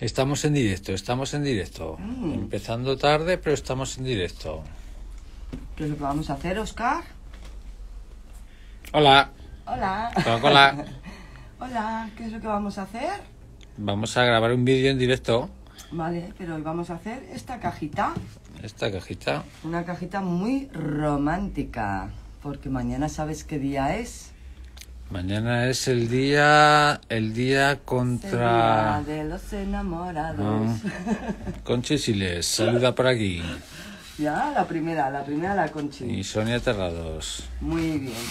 Estamos en directo, estamos en directo. Mm. Empezando tarde, pero estamos en directo. ¿Qué es lo que vamos a hacer, Oscar? Hola. Hola. Hola. Hola, ¿qué es lo que vamos a hacer? Vamos a grabar un vídeo en directo. Vale, pero hoy vamos a hacer esta cajita. Esta cajita. Una cajita muy romántica, porque mañana sabes qué día es. Mañana es el día, el día contra... El día de los enamorados. No. Ah. Conchi Siles, saluda por aquí. Ya, la primera, la primera la Conchi. Y Sonia Terrados. Muy bien.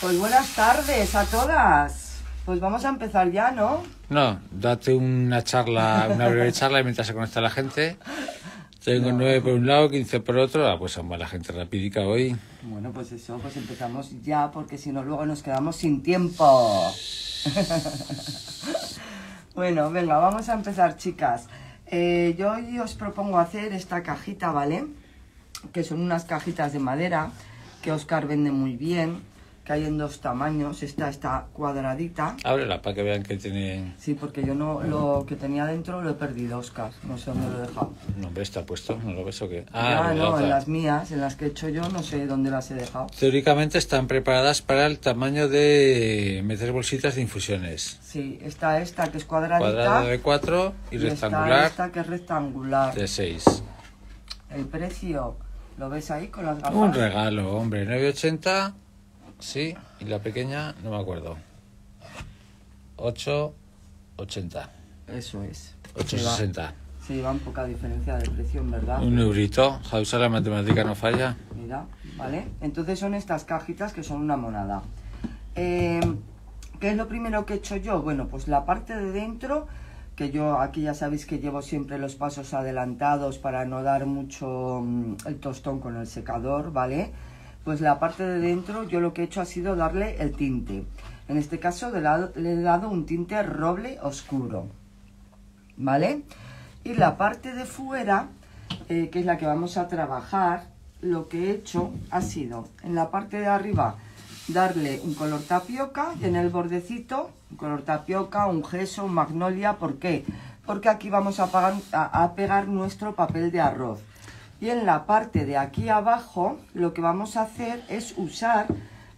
Pues buenas tardes a todas. Pues vamos a empezar ya, ¿no? No, date una charla, una breve charla y mientras se conecta la gente. Tengo nueve por un lado, quince por otro. Ah, pues son la gente rapidica hoy. Bueno, pues eso, pues empezamos ya, porque si no luego nos quedamos sin tiempo. bueno, venga, vamos a empezar, chicas. Eh, yo hoy os propongo hacer esta cajita, ¿vale? Que son unas cajitas de madera que Oscar vende muy bien que hay en dos tamaños. Esta está cuadradita. Ábrela para que vean que tiene... Sí, porque yo no lo que tenía dentro lo he perdido, Oscar. No sé dónde lo he dejado. No, ves está puesto. ¿No lo ves o qué? Ah, no, en las mías, en las que he hecho yo, no sé dónde las he dejado. Teóricamente están preparadas para el tamaño de meter bolsitas de infusiones. Sí, está esta que es cuadradita. Cuadrada de 4 y, y, rectangular. esta que es rectangular. De 6. El precio... ¿Lo ves ahí con las gafas? Un regalo, hombre, 980 sí, y la pequeña, no me acuerdo. 8,80. Eso es. 8,60. Sí, va un poca diferencia de precio, verdad. Un eurito, a usar la matemática no falla. Mira, vale. Entonces son estas cajitas que son una monada. Em, ¿Qué es lo primero que he hecho yo? Bueno, pues la parte de dentro, que yo aquí ya sabéis que llevo siempre los pasos adelantados para no dar mucho mm, el tostón con el secador, ¿vale? vale pues la parte de dentro yo lo que he hecho ha sido darle el tinte. En este caso le he dado un tinte roble oscuro, ¿vale? Y la parte de fuera, eh, que es la que vamos a trabajar, lo que he hecho ha sido en la parte de arriba darle un color tapioca y en el bordecito un color tapioca, un gesso, un magnolia, ¿por qué? Porque aquí vamos a pegar nuestro papel de arroz y en la parte de aquí abajo lo que vamos a hacer es usar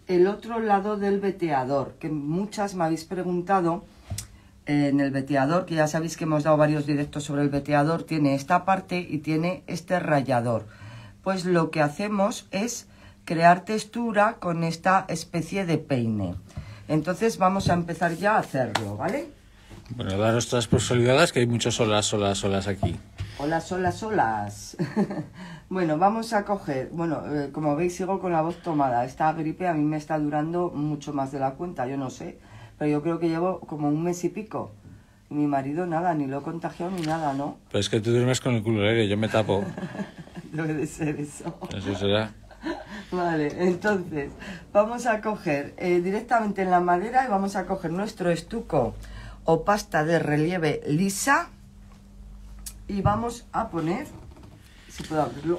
el otro lado del veteador, que muchas me habéis preguntado eh, en el veteador, que ya sabéis que hemos dado varios directos sobre el veteador, tiene esta parte y tiene este rayador Pues lo que hacemos es crear textura con esta especie de peine. Entonces vamos a empezar ya a hacerlo, ¿vale? Bueno, daros todas por que hay muchas olas, olas, olas aquí. ¡Hola, solas solas. bueno, vamos a coger. Bueno, eh, como veis, sigo con la voz tomada. Esta gripe a mí me está durando mucho más de la cuenta, yo no sé. Pero yo creo que llevo como un mes y pico. mi marido nada, ni lo he contagiado ni nada, ¿no? Pero es que tú duermes con el culo yo me tapo. Debe de ser eso. será. Vale, entonces vamos a coger eh, directamente en la madera y vamos a coger nuestro estuco o pasta de relieve lisa y vamos a poner... Se puede abrirlo.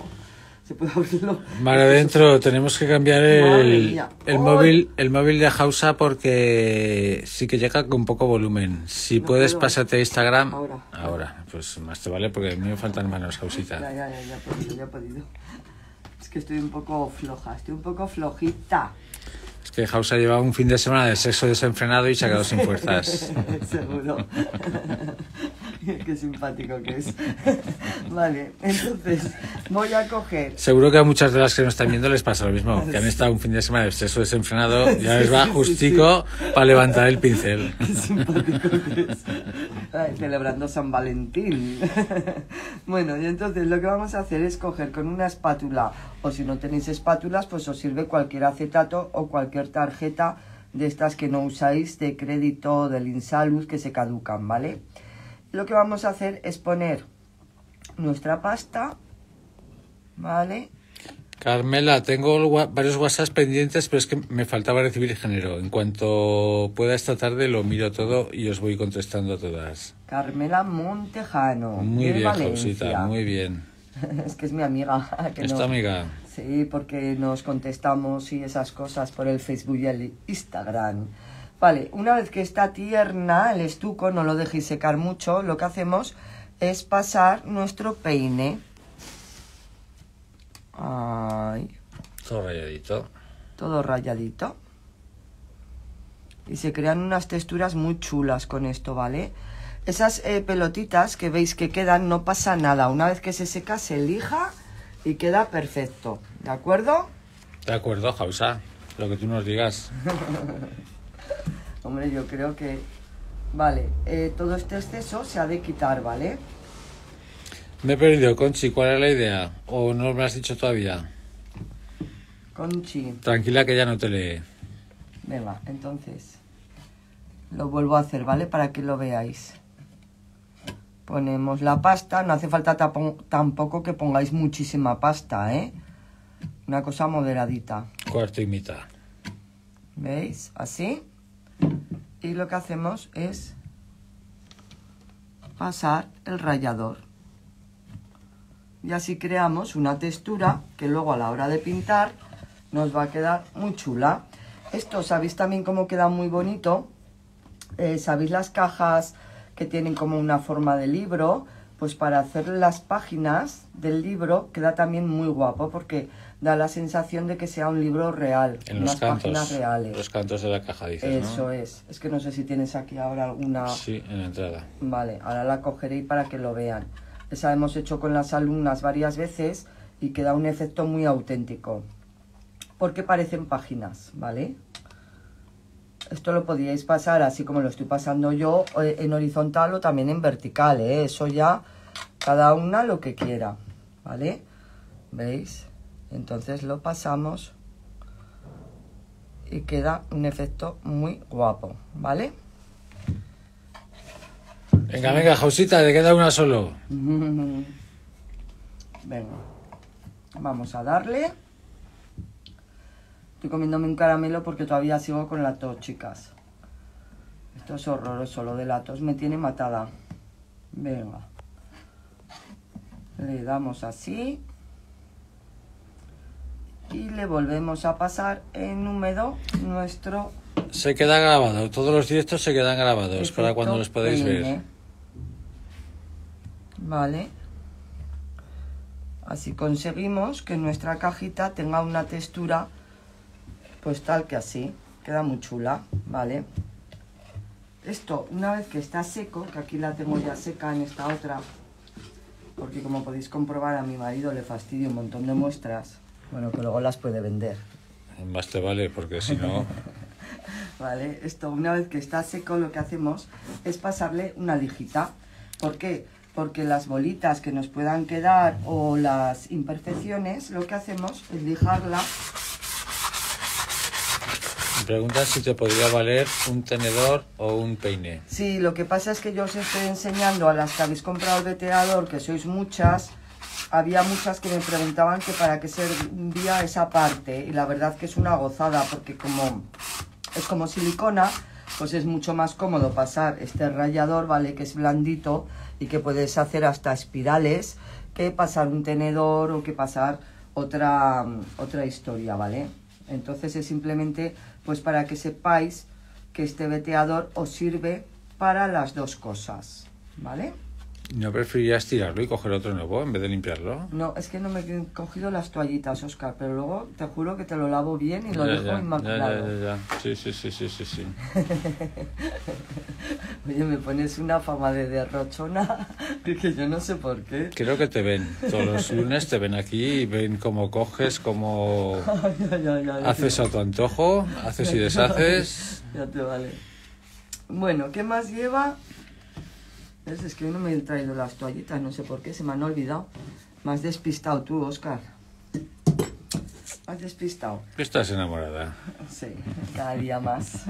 Se puede abrirlo. adentro, tenemos que cambiar el, móvil, el móvil de Hausa porque sí que llega con poco volumen. Si puedes, ¿eh? pásate a Instagram. Ahora. Ahora, pues más te vale porque a mí me faltan manos, Hausita. Ya, ya, ya, ya podido, Es que estoy un poco floja, estoy un poco flojita. Es que Hausa llevado un fin de semana de sexo desenfrenado y se ha quedado sin fuerzas. Qué simpático que es. vale, entonces voy a coger. Seguro que a muchas de las que nos están viendo les pasa lo mismo, que han estado un fin de semana de exceso desenfrenado, ya les va justico para levantar el pincel. Qué simpático que es. celebrando San Valentín. bueno, y entonces lo que vamos a hacer es coger con una espátula, o si no tenéis espátulas, pues os sirve cualquier acetato o cualquier tarjeta de estas que no usáis de crédito del Insalud que se caducan, ¿vale? vale lo que vamos a hacer es poner nuestra pasta, ¿vale? Carmela, tengo varios WhatsApp pendientes, pero es que me faltaba recibir género. En cuanto pueda esta tarde lo miro todo y os voy contestando a todas. Carmela Montejano. Muy bien, muy bien. es que es mi amiga. Que tu amiga. Sí, porque nos contestamos y esas cosas por el Facebook y el Instagram. Vale, una vez que está tierna el estuco, no lo dejéis secar mucho, lo que hacemos es pasar nuestro peine. Todo rayadito. Todo rayadito. Y se crean unas texturas muy chulas con esto, ¿vale? Esas eh, pelotitas que veis que quedan, no pasa nada. Una vez que se seca, se lija y queda perfecto. ¿De acuerdo? De acuerdo, Jausa. Lo que tú nos digas. Hombre, yo creo que... Vale, eh, todo este exceso se ha de quitar, ¿vale? Me he perdido, Conchi, ¿cuál es la idea? ¿O no me has dicho todavía? Conchi. Tranquila que ya no te lee. Venga, entonces lo vuelvo a hacer, ¿vale? Para que lo veáis. Ponemos la pasta, no hace falta tampoco que pongáis muchísima pasta, ¿eh? Una cosa moderadita. Cuarto y mitad. ¿Veis? Así y lo que hacemos es pasar el rallador y así creamos una textura que luego a la hora de pintar nos va a quedar muy chula esto sabéis también cómo queda muy bonito eh, sabéis las cajas que tienen como una forma de libro pues para hacer las páginas del libro queda también muy guapo porque da la sensación de que sea un libro real, en unas páginas reales. Los cantos de la caja, Eso es. Es que no sé si tienes aquí ahora alguna... Sí, en entrada. Vale, ahora la cogeré para que lo vean. Esa hemos hecho con las alumnas varias veces y queda un efecto muy auténtico. Porque parecen páginas, ¿vale? Esto lo podíais pasar así como lo estoy pasando yo, eh, en horizontal o también en vertical, ¿eh? Eso ya, cada una lo que quiera, ¿vale? ¿Veis? Entonces lo pasamos y queda un efecto muy guapo, ¿vale? Venga, venga, Jausita, te queda una solo. venga, vamos a darle. Estoy comiéndome un caramelo porque todavía sigo con la tos, chicas. Esto es horroroso, lo de la tos me tiene matada. Venga. Le damos así y le volvemos a pasar en húmedo nuestro... Se queda grabado, todos los directos se quedan grabados para cuando los podéis ver. Vale. Así conseguimos que nuestra cajita tenga una textura pues tal que así. Queda muy chula, ¿vale? Esto, una vez que está seco, que aquí la tengo ya seca en esta otra, porque como podéis comprobar a mi marido le fastidia un montón de muestras. Bueno, que luego las puede vender. Más te vale, porque si no... vale, esto una vez que está seco lo que hacemos es pasarle una lijita. ¿Por qué? Porque las bolitas que nos puedan quedar o las imperfecciones, lo que hacemos es lijarla. Me preguntas si te podría valer un tenedor o un peine. Sí, lo que pasa es que yo os estoy enseñando a las que habéis comprado el veteador, que sois muchas, había muchas que me preguntaban que para qué servía esa parte y la verdad que es una gozada porque como es como silicona, pues es mucho más cómodo pasar este rallador, ¿vale? Que es blandito y que puedes hacer hasta espirales que pasar un tenedor o que pasar otra, otra historia, ¿vale? Entonces es simplemente pues para que sepáis que este veteador os sirve para las dos cosas, ¿vale? ¿No preferirías tirarlo y coger otro nuevo en vez de limpiarlo? No, es que no me he cogido las toallitas, Oscar, pero luego te juro que te lo lavo bien y lo dejo ya, inmaculado. Ya, sí, sí, sí, sí, sí. sí. Oye, me pones una fama de derrochona que yo no sé por qué. Creo que te ven. Todos los lunes te ven aquí y ven cómo coges, cómo haces a tu antojo, haces y deshaces. Ya te vale. Bueno, ¿qué más lleva? Es que no me he traído las toallitas, no sé por qué, se me han olvidado. Me has despistado tú, Oscar. Me has despistado. Estás enamorada. Sí, cada día más.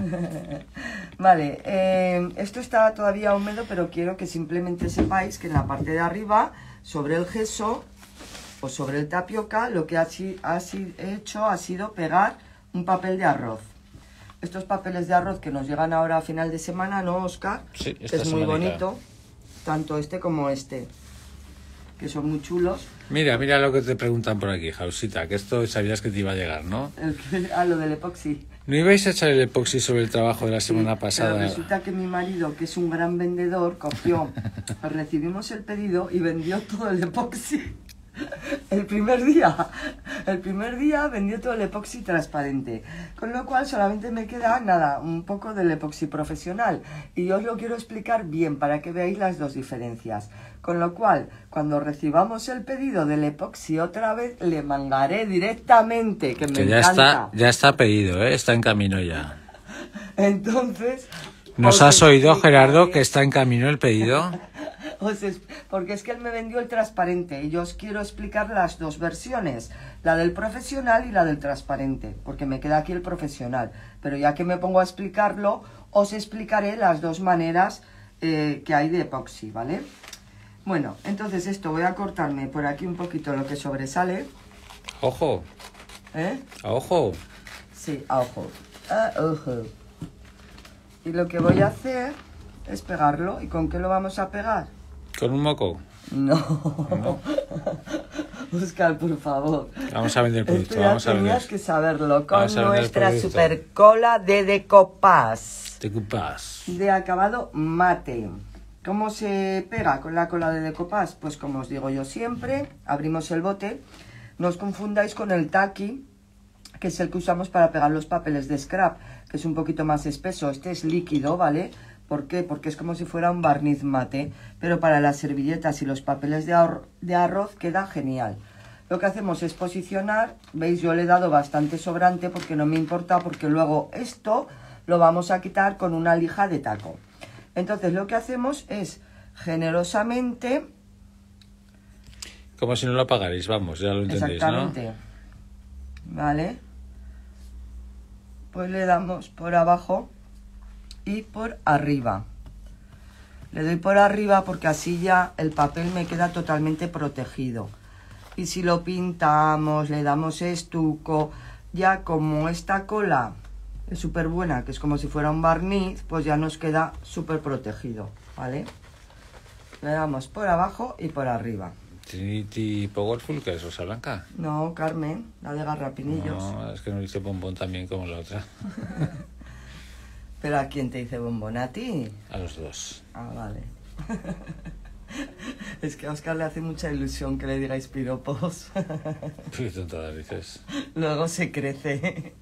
vale, eh, esto está todavía húmedo, pero quiero que simplemente sepáis que en la parte de arriba, sobre el gesso o sobre el tapioca, lo que ha, hecho ha sido pegar un papel de arroz estos papeles de arroz que nos llegan ahora a final de semana, ¿no, Oscar? Sí, es muy bonito tanto este como este, que son muy chulos. Mira, mira lo que te preguntan por aquí, Jausita, que esto sabías que te iba a llegar, ¿no? a ah, lo del epoxi. ¿No ibais a echar el epoxi sobre el trabajo de la semana pasada? resulta que mi marido, que es un gran vendedor, cogió, recibimos el pedido y vendió todo el epoxi. el primer día, el primer día vendió todo el epoxi transparente, con lo cual solamente me queda nada, un poco del epoxi profesional y yo os lo quiero explicar bien para que veáis las dos diferencias. Con lo cual, cuando recibamos el pedido del epoxi otra vez, le mandaré directamente, que me ya Está, ya está pedido, ¿eh? está en camino ya. Entonces, ¿Nos has oído, Gerardo, que está en camino el pedido? porque es que él me vendió el transparente y yo os quiero explicar las dos versiones, la del profesional y la del transparente, porque me queda aquí el profesional. Pero ya que me pongo a explicarlo, os explicaré las dos maneras eh, que hay de epoxi, ¿vale? Bueno, entonces esto, voy a cortarme por aquí un poquito lo que sobresale. ¡Ojo! ¿Eh? ojo! Sí, a ojo. A ojo. Y lo que voy a hacer es pegarlo. ¿Y con qué lo vamos a pegar? ¿Con un moco? No. no. por favor. Vamos a vender el producto. vamos a vender. que saberlo. Con nuestra super cola de decopas. Decopas. De acabado mate. ¿Cómo se pega con la cola de decopás? Pues como os digo yo siempre, abrimos el bote. No os confundáis con el taqui, que es el que usamos para pegar los papeles de scrap, que es un poquito más espeso. Este es líquido, ¿vale? ¿Por qué? Porque es como si fuera un barniz mate, pero para las servilletas y los papeles de, arroz queda genial. Lo que hacemos es posicionar, veis yo le he dado bastante sobrante porque no me importa, porque luego esto lo vamos a quitar con una lija de taco. Entonces lo que hacemos es generosamente... Como si no lo pagáis vamos, ya lo entendéis, Exactamente. Vale pues le damos por abajo y por arriba. Le doy por arriba porque así ya el papel me queda totalmente protegido. Y si lo pintamos, le damos estuco, ya como esta cola es súper buena, que es como si fuera un barniz, pues ya nos queda súper protegido, ¿vale? Le damos por abajo y por arriba. Trinity Powerful, que es Rosa Blanca. No, Carmen, la de Garrapinillos. No, es que no dice bombón también como la otra. ¿Pero a quién te dice bombón? ¿A ti? A los dos. Ah, vale. Es que a Oscar le hace mucha ilusión que le digáis piropos. Qué tontada dices. Luego se crece.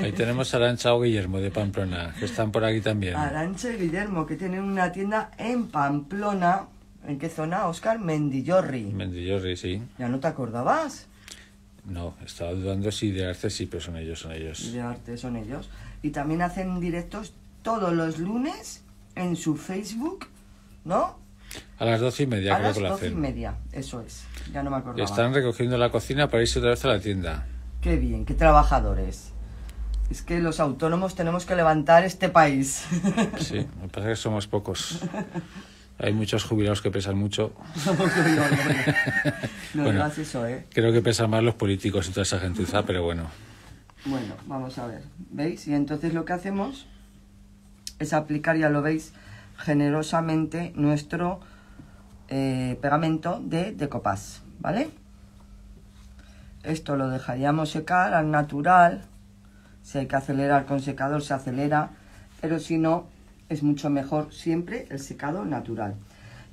Ahí tenemos a Arancha o Guillermo de Pamplona, que están por aquí también. Arancha y Guillermo, que tienen una tienda en Pamplona ¿En qué zona, Oscar? Mendillorri. Mendillorri, sí. ¿Ya no te acordabas? No, estaba dudando si de arte sí, pero son ellos, son ellos. De arte son ellos. Y también hacen directos todos los lunes en su Facebook, ¿no? A las doce y media, creo que hacen. A las doce y media, eso es. Ya no me acordaba. Están recogiendo la cocina para irse otra vez a la tienda. Qué bien, qué trabajadores. Es que los autónomos tenemos que levantar este país. Sí, me parece que somos pocos. Hay muchos jubilados que pesan mucho. no eso, ¿eh? Creo que pesan más los políticos y toda esa gentuza, pero bueno. Bueno, vamos a ver. ¿Veis? Y entonces lo que hacemos es aplicar, ya lo veis, generosamente nuestro eh, pegamento de decopás, ¿vale? Esto lo dejaríamos secar al natural. Si hay que acelerar con secador, se acelera. Pero si no, es mucho mejor siempre el secado natural.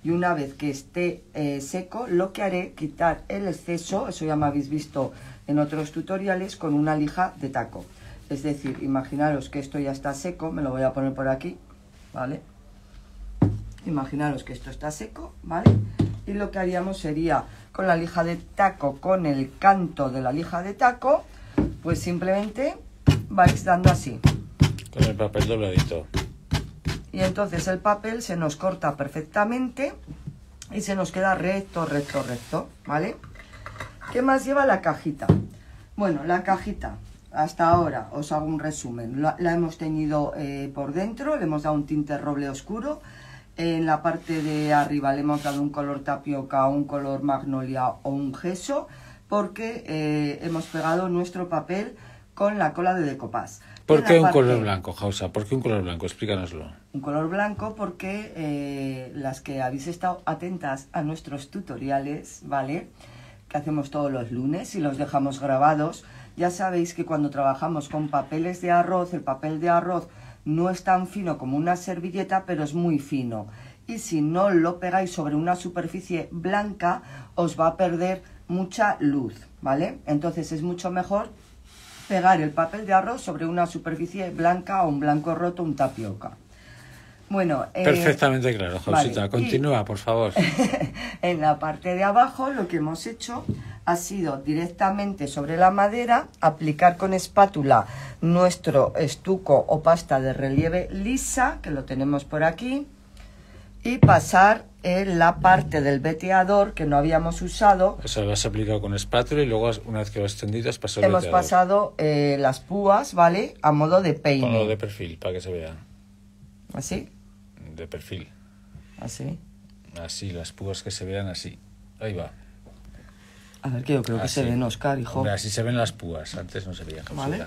Y una vez que esté eh, seco, lo que haré, quitar el exceso, eso ya me habéis visto en otros tutoriales, con una lija de taco. Es decir, imaginaros que esto ya está seco, me lo voy a poner por aquí, ¿vale? Imaginaros que esto está seco, ¿vale? Y lo que haríamos sería, con la lija de taco, con el canto de la lija de taco, pues simplemente vais dando así. Con el papel dobladito y entonces el papel se nos corta perfectamente y se nos queda recto, recto, recto, ¿vale? ¿Qué más lleva la cajita? Bueno, la cajita, hasta ahora os hago un resumen. La, hemos teñido eh, por dentro, le hemos dado un tinte roble oscuro. En la parte de arriba le hemos dado un color tapioca, un color magnolia o un gesso, porque eh, hemos pegado nuestro papel con la cola de decopás. ¿Por qué un color blanco, Jausa? ¿Por qué un color blanco? Explícanoslo. Un color blanco porque eh, las que habéis estado atentas a nuestros tutoriales, ¿vale? Que hacemos todos los lunes y los dejamos grabados. Ya sabéis que cuando trabajamos con papeles de arroz, el papel de arroz no es tan fino como una servilleta, pero es muy fino. Y si no lo pegáis sobre una superficie blanca, os va a perder mucha luz, ¿vale? Entonces es mucho mejor pegar el papel de arroz sobre una superficie blanca o un blanco roto, un tapioca. Bueno, eh, Perfectamente claro, Josita. Continúa, por favor. en la parte de abajo lo que hemos hecho ha sido directamente sobre la madera aplicar con espátula nuestro estuco o pasta de relieve lisa, que lo tenemos por aquí, y pasar la parte del veteador que no habíamos usado. O sea, lo has aplicado con espátula y luego una vez que lo has extendido has pasado Hemos pasado eh, las púas, ¿vale? A modo de peine. modo de perfil para que se vean ¿Así? De perfil. ¿Así? Así, las púas que se vean así. Ahí va. A ver, que yo creo que se ven, Oscar, hijo. así se ven las púas, antes no se veían. Vale.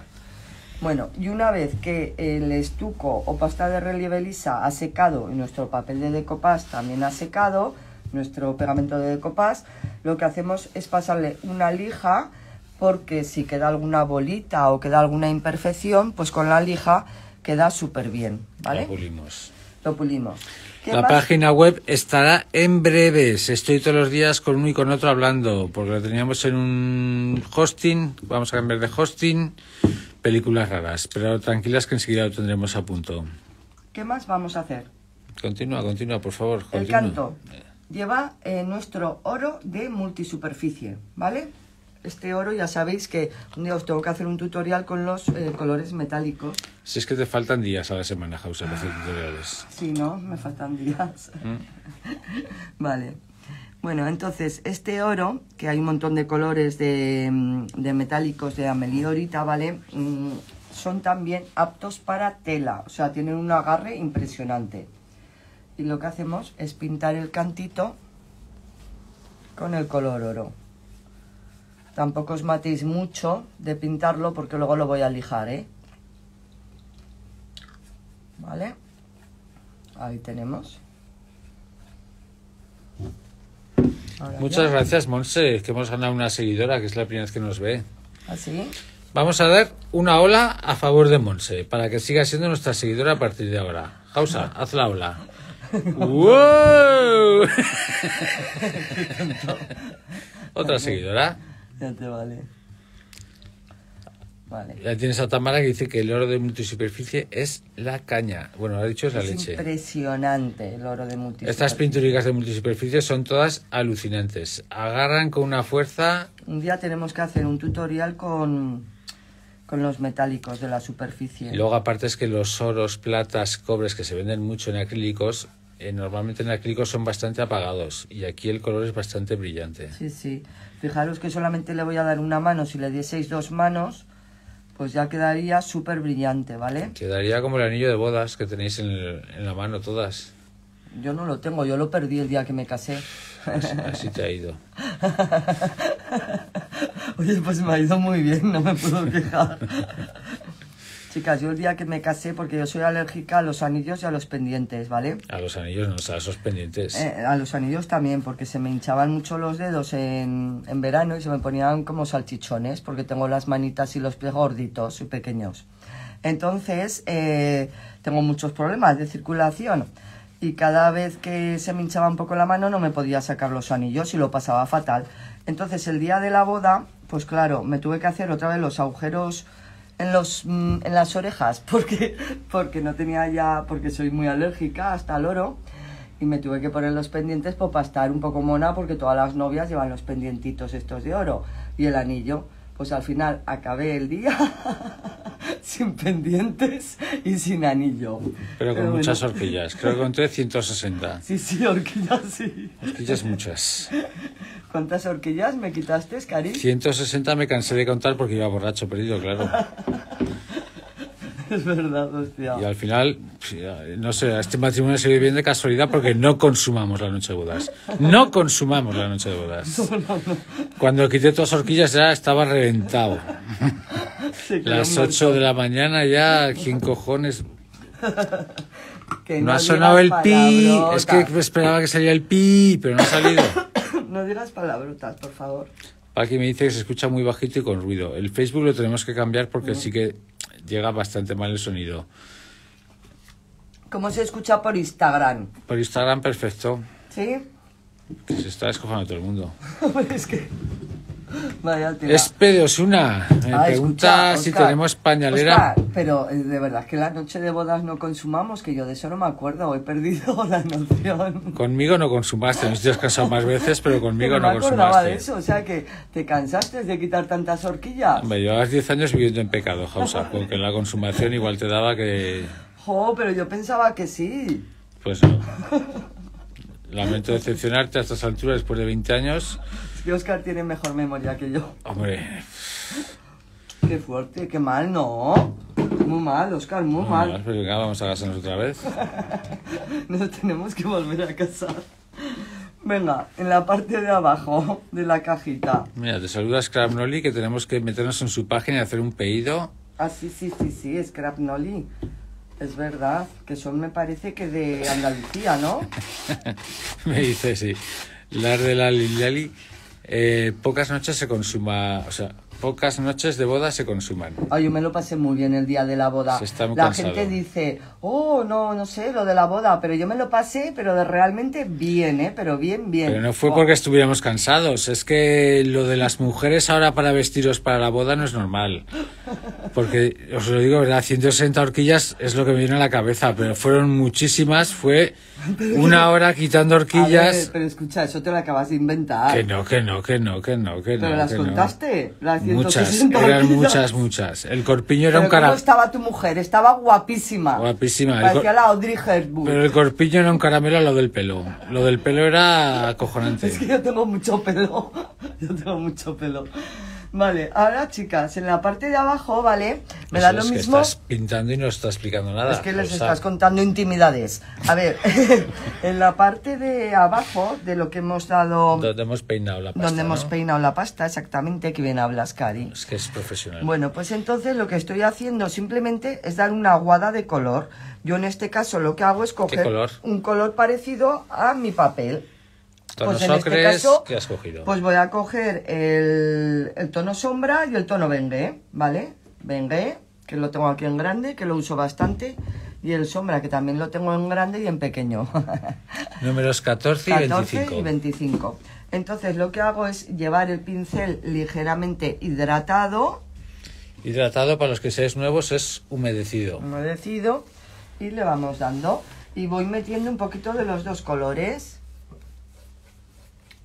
Bueno, y una vez que el estuco o pasta de relieve lisa ha secado y nuestro papel de decopás también ha secado, nuestro pegamento de decopás, lo que hacemos es pasarle una lija porque si queda alguna bolita o queda alguna imperfección, pues con la lija queda súper bien, ¿vale? Lo pulimos. Lo pulimos. La página web estará en breves. Estoy todos los días con uno y con otro hablando, porque lo teníamos en un hosting, vamos a cambiar de hosting Películas raras, pero tranquilas que enseguida lo tendremos a punto. ¿Qué más vamos a hacer? Continúa, continúa, por favor. El canto lleva eh, nuestro oro de multisuperficie, ¿vale? Este oro ya sabéis que un día os tengo que hacer un tutorial con los eh, colores metálicos. Si es que te faltan días a la semana, Jausa, para hacer ah, tutoriales. Sí, ¿no? Me faltan días. Mm. vale. Bueno, entonces, este oro, que hay un montón de colores de, mm, metálicos de ameliorita, ¿vale? Mm, son también aptos para tela, o sea, tienen un agarre impresionante. Y lo que hacemos es pintar el cantito con el color oro. Tampoco os matéis mucho de pintarlo porque luego lo voy a lijar, ¿eh? ¿Vale? Ahí tenemos. Muchas gracias, Monse, que hemos ganado una seguidora, que es la primera vez que nos ve. ¿Así? ¿Ah, Vamos a dar una ola a favor de Monse, para que siga siendo nuestra seguidora a partir de ahora. Pausa, haz la ola. Otra seguidora. Ya te vale. Ya tienes a Tamara que dice que el oro de multisuperficie es la caña. Bueno, lo ha dicho es la es leche. Impresionante el oro de multisuperficie. Estas pinturas de multisuperficie son todas alucinantes. Agarran con una fuerza. Un día tenemos que hacer un tutorial con, con los metálicos de la superficie. Y luego, aparte, es que los oros, platas, cobres que se venden mucho en acrílicos, eh, normalmente en acrílicos son bastante apagados y aquí el color es bastante brillante. Sí, sí. Fijaros que solamente le voy a dar una mano. Si le dieseis dos manos pues ya quedaría súper brillante, ¿vale? Quedaría como el anillo de bodas que tenéis en, la mano todas. Yo no lo tengo, yo lo perdí el día que me casé. así te ha ido. Oye, pues me ha ido muy bien, no me puedo quejar yo el día que me casé, porque yo soy alérgica a los anillos y a los pendientes, ¿vale? A los anillos no, a esos pendientes. Eh, a los anillos también, porque se me hinchaban mucho los dedos en, en verano y se me ponían como salchichones, porque tengo las manitas y los pies gorditos y pequeños. Entonces, eh, tengo muchos problemas de circulación y cada vez que se me hinchaba un poco la mano no me podía sacar los anillos y lo pasaba fatal. Entonces, el día de la boda, pues claro, me tuve que hacer otra vez los agujeros en, los, mm, en las orejas porque, porque no tenía ya, porque soy muy alérgica hasta al oro y me tuve que poner los pendientes pues, para estar un poco mona porque todas las novias llevan los pendientitos estos de oro y el anillo. Pues al final acabé el día sin pendientes y sin anillo. Pero con muchas horquillas, creo que con 360. Sí, sí, horquillas, sí. Horquillas muchas. ¿Cuántas horquillas me quitaste, Cari? 160 me cansé de contar porque iba borracho perdido, claro. es verdad, hostia. Y al final, no sé, este matrimonio se vive bien de casualidad porque no consumamos la noche de bodas. No consumamos la noche de bodas. Cuando quité todas las horquillas ya estaba reventado. Las 8 de la mañana ya, ¿quién cojones? Que no, ha sonado el pi. Es que esperaba que saliera el pi, pero no ha salido no digas palabrotas, por favor. Paqui me dice que se escucha muy bajito y con ruido. El Facebook lo tenemos que cambiar porque sí que llega bastante mal el sonido. ¿Cómo se escucha por Instagram? Por Instagram, perfecto. ¿Sí? Se está escojando todo el mundo. es que... Vaya tira. Es Pedosuna. Me eh, ah, pregunta si tenemos pañalera. pero eh, de verdad que la noche de bodas no consumamos, que yo de eso no me acuerdo. He perdido la noción. Conmigo no consumaste. Nos has casado más veces, pero conmigo consumaste. no, me acordaba de eso. O sea que te cansaste de quitar tantas horquillas. Me llevas 10 años viviendo en pecado, Jausa. porque en la consumación igual te daba que. Jo, pero yo pensaba que sí. Pues no. Lamento decepcionarte a estas alturas después de 20 años. Y Oscar tiene mejor memoria que yo. Hombre. Qué fuerte, qué mal, no. Muy mal, Oscar, muy, mal. vamos a casarnos otra vez. Nos tenemos que volver a casar. Venga, en la parte de abajo de la cajita. Mira, te saluda Scrap Nolly que tenemos que meternos en su página y hacer un pedido. Ah, sí, sí, sí, sí, Nolly. Es verdad, que son me parece que de Andalucía, ¿no? me dice, sí. Las de la Lilali eh, pocas noches se consuma, o sea, pocas noches de boda se consuman. Ay, yo me lo pasé muy bien el día de la boda. la gente dice, oh, no, no sé, lo de la boda, pero yo me lo pasé, pero realmente bien, ¿eh? Pero bien, bien. Pero no fue porque estuviéramos cansados, es que lo de las mujeres ahora para vestiros para la boda no es normal. Porque, os lo digo, ¿verdad? 160 horquillas es lo que me viene a la cabeza, pero fueron muchísimas, fue... Una hora quitando horquillas. pero escucha, eso te lo acabas de inventar. Que no, que no, que no, que no, que no. ¿Pero las contaste? Las muchas, eran muchas, muchas. El corpiño era un estaba tu mujer? Estaba guapísima. Guapísima. Parecía la Audrey Hepburn. Pero el corpiño era un caramelo a lo del pelo. Lo del pelo era acojonante. es que yo tengo mucho pelo. Yo tengo mucho pelo. Vale, ahora chicas, en la parte de abajo, ¿vale? Me da lo mismo. estás pintando y no estás explicando nada. Es que les estás contando intimidades. A ver, en la parte de abajo, de lo que hemos dado. Donde hemos peinado la pasta. Donde hemos peinado la pasta, exactamente, que bien hablas, Cari. Es que es profesional. Bueno, pues entonces lo que estoy haciendo simplemente es dar una aguada de color. Yo en este caso lo que hago es coger un color parecido a mi papel pues en este caso, Pues voy a coger el, tono sombra y el tono vengue, ¿vale? Vengue, que lo tengo aquí en grande, que lo uso bastante y el sombra, que también lo tengo en grande y en pequeño. Números 14 y 14 y 25. Entonces lo que hago es llevar el pincel ligeramente hidratado. Hidratado, para los que seáis nuevos, es humedecido. Humedecido. Y le vamos dando. Y voy metiendo un poquito de los dos colores.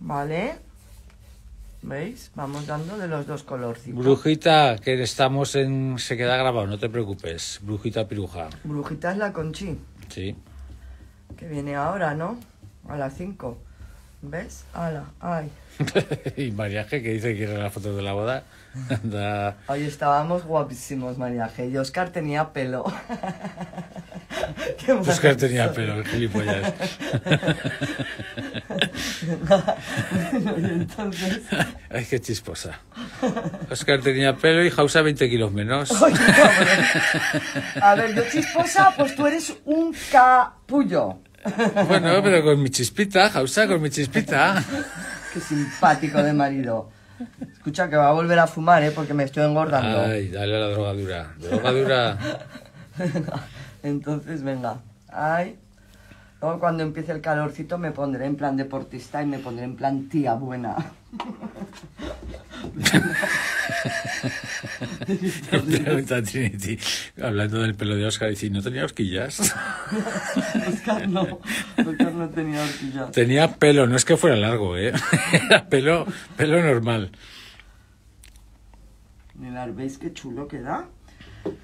¿Vale? ¿Veis? Vamos dando de los dos colorcitos. Brujita, que estamos en... Se queda grabado, no te preocupes. Brujita piruja. Brujita es la conchi. Sí. Que viene ahora, ¿no? A las 5. ¿Ves? Ala, ay. y Mariaje que dice que quiere la foto de la boda. Anda. Hoy estábamos guapísimos, María Y Oscar tenía pelo. Oscar tenía pelo, el gilipollas. entonces... Ay, qué chisposa. Oscar tenía pelo y Jausa 20 kilos menos. a ver, yo chisposa, pues tú eres un capullo. Bueno, pero con mi chispita, Jausa, con mi chispita. Qué simpático de marido. Escucha, que va a volver a fumar, eh, Porque me estoy engordando. Ay, dale la drogadura Entonces, venga. Ay. Luego cuando empiece el calorcito me pondré en plan deportista y me pondré en plan tía buena. hablando del pelo de Oscar, dice, ¿no tenía horquillas? Oscar no, no tenía horquillas. Tenía pelo, no es que fuera largo, ¿eh? pelo, pelo normal. Mirad, ¿veis qué chulo queda?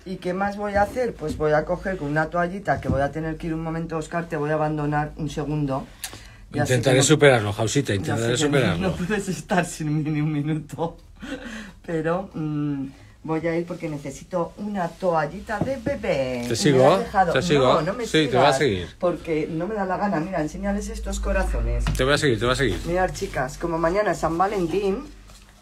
¿Y qué más voy a hacer? Pues voy a coger con una toallita que voy a tener que ir un momento, Oscar, te voy a abandonar un segundo. Intentaré superarlo, Jausita, intentaré superarlo. No puedes estar sin mí ni un minuto. Pero mm, voy a ir porque necesito una toallita de bebé. ¿Te sigo? ¿Te sigo? No, no me sí, te voy a seguir. Porque no me da la gana. Mira, enseñales estos corazones. Te voy a seguir, te voy a seguir. Mirad, chicas, como mañana es San Valentín,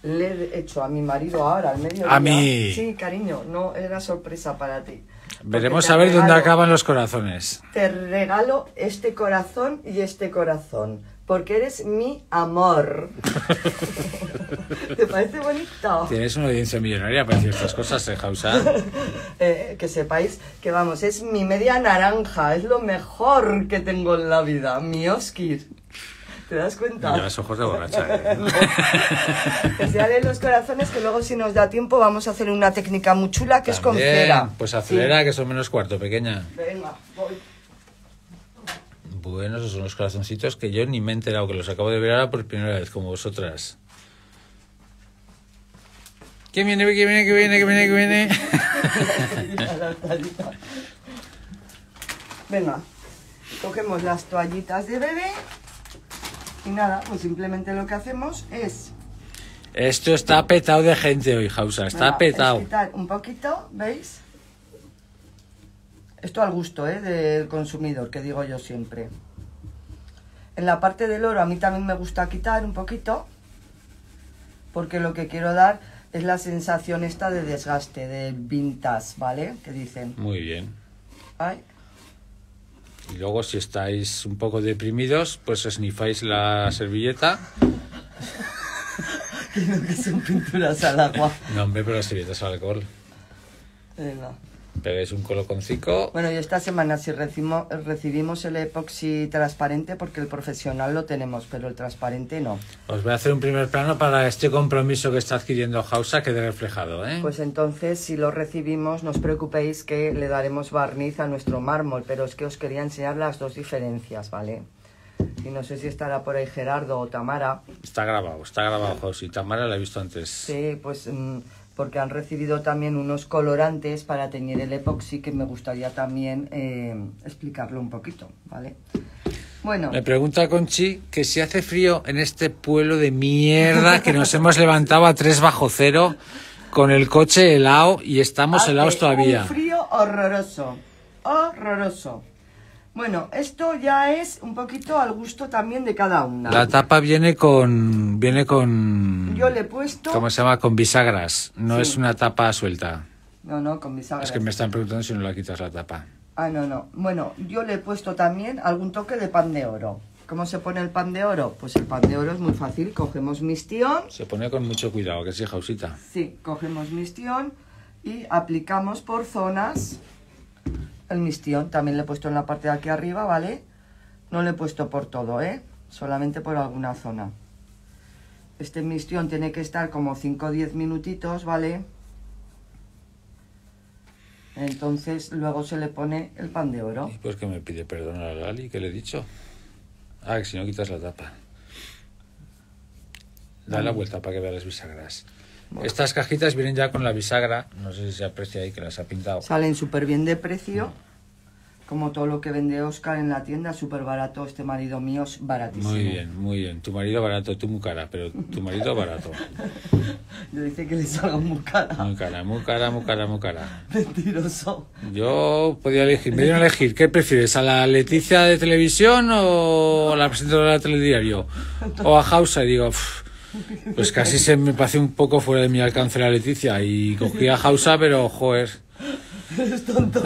le he hecho a mi marido ahora, al medio ¿A mí? Sí, cariño, no era sorpresa para ti. Veremos a ver dónde acaban los corazones. Te regalo este corazón y este corazón porque eres mi amor. ¿Te parece bonito? Tienes una audiencia millonaria para estas cosas, ¿eh, Hausa? Eh, que sepáis que, vamos, es mi media naranja, es lo mejor que tengo en la vida, mi Oskir. ¿Te das cuenta? Llevas ojos de borracha. ¿eh? Desearle los corazones que luego si nos da tiempo vamos a hacer una técnica muy chula que es con cera. Pues acelera que son menos cuarto, pequeña. Venga, voy. Bueno, esos son los corazoncitos que yo ni me he enterado, que los acabo de ver ahora por primera vez, como vosotras. ¿Qué viene? ¿Qué viene? ¿Qué viene? ¿Qué viene? ¿Qué viene? Venga, cogemos las toallitas de bebé y nada, pues simplemente lo que hacemos es... Esto está petado de gente hoy, Jausa, está petado. un poquito, ¿veis? Esto al gusto ¿eh? del consumidor, que digo yo siempre. En la parte del oro a mí también me gusta quitar un poquito, porque lo que quiero dar es la sensación esta de desgaste, de vintage, ¿vale? Que dicen. Muy bien. Y luego si estáis un poco deprimidos, pues snifáis la servilleta. que son pinturas al agua. No, hombre, pero las servilletas al alcohol. Venga es un coloconcico. Bueno, y esta semana si recibimos, el epoxi transparente, porque el profesional lo tenemos, pero el transparente no. Os voy a hacer un primer plano para este compromiso que está adquiriendo Hausa, quede reflejado. ¿eh? Pues entonces, si lo recibimos, no os preocupéis que le daremos barniz a nuestro mármol, pero es que os quería enseñar las dos diferencias, ¿vale? Y no sé si estará por ahí Gerardo o Tamara. Está grabado, está grabado, José. Tamara la he visto antes. Sí, pues... Mm, porque han recibido también unos colorantes para teñir el epoxi que me gustaría también eh, explicarlo un poquito, ¿vale? Bueno. Me pregunta Conchi que si hace frío en este pueblo de mierda que nos hemos levantado a 3 bajo cero con el coche helado y estamos helados todavía. Un frío horroroso, horroroso. Bueno, esto ya es un poquito al gusto también de cada una. La tapa viene con. Viene con. Yo le he puesto. ¿Cómo se llama? Con bisagras. No es una tapa suelta. No, no, con bisagras. Es que me están preguntando si no la quitas la tapa. Ah, no, no. Bueno, yo le he puesto también algún toque de pan de oro. ¿Cómo se pone el pan de oro? Pues el pan de oro es muy fácil. Cogemos mistión. Se pone con mucho cuidado, que sí, jausita. Sí, cogemos mistión y aplicamos por zonas el también le he puesto en la parte de aquí arriba, ¿vale? No le he puesto por todo, ¿eh? Solamente por alguna zona. Este mistión tiene que estar como 5 o 10 minutitos, ¿vale? Entonces luego se le pone el pan de oro. ¿Y pues que me pide perdón a Lali, que le he dicho. Ah, que si no quitas la tapa. da la mm. vuelta para que veas las bisagras. Estas cajitas vienen ya con la bisagra, no sé si se aprecia ahí que las ha pintado. Salen súper bien de precio como todo lo que vende Oscar en la tienda, súper barato. Este marido mío es baratísimo. Muy bien, muy bien. Tu marido barato, tú muy cara, pero tu marido barato. Yo dice que le salga muy cara. Muy cara, muy cara, muy cara, muy cara. Mentiroso. Yo podía elegir, me dieron a elegir, ¿qué prefieres? ¿A la Leticia de televisión o a la presentadora de telediario? O a Hausa, y digo, pues casi se me pasé un poco fuera de mi alcance la Leticia y cogí a Hausa, pero joder. es tonto.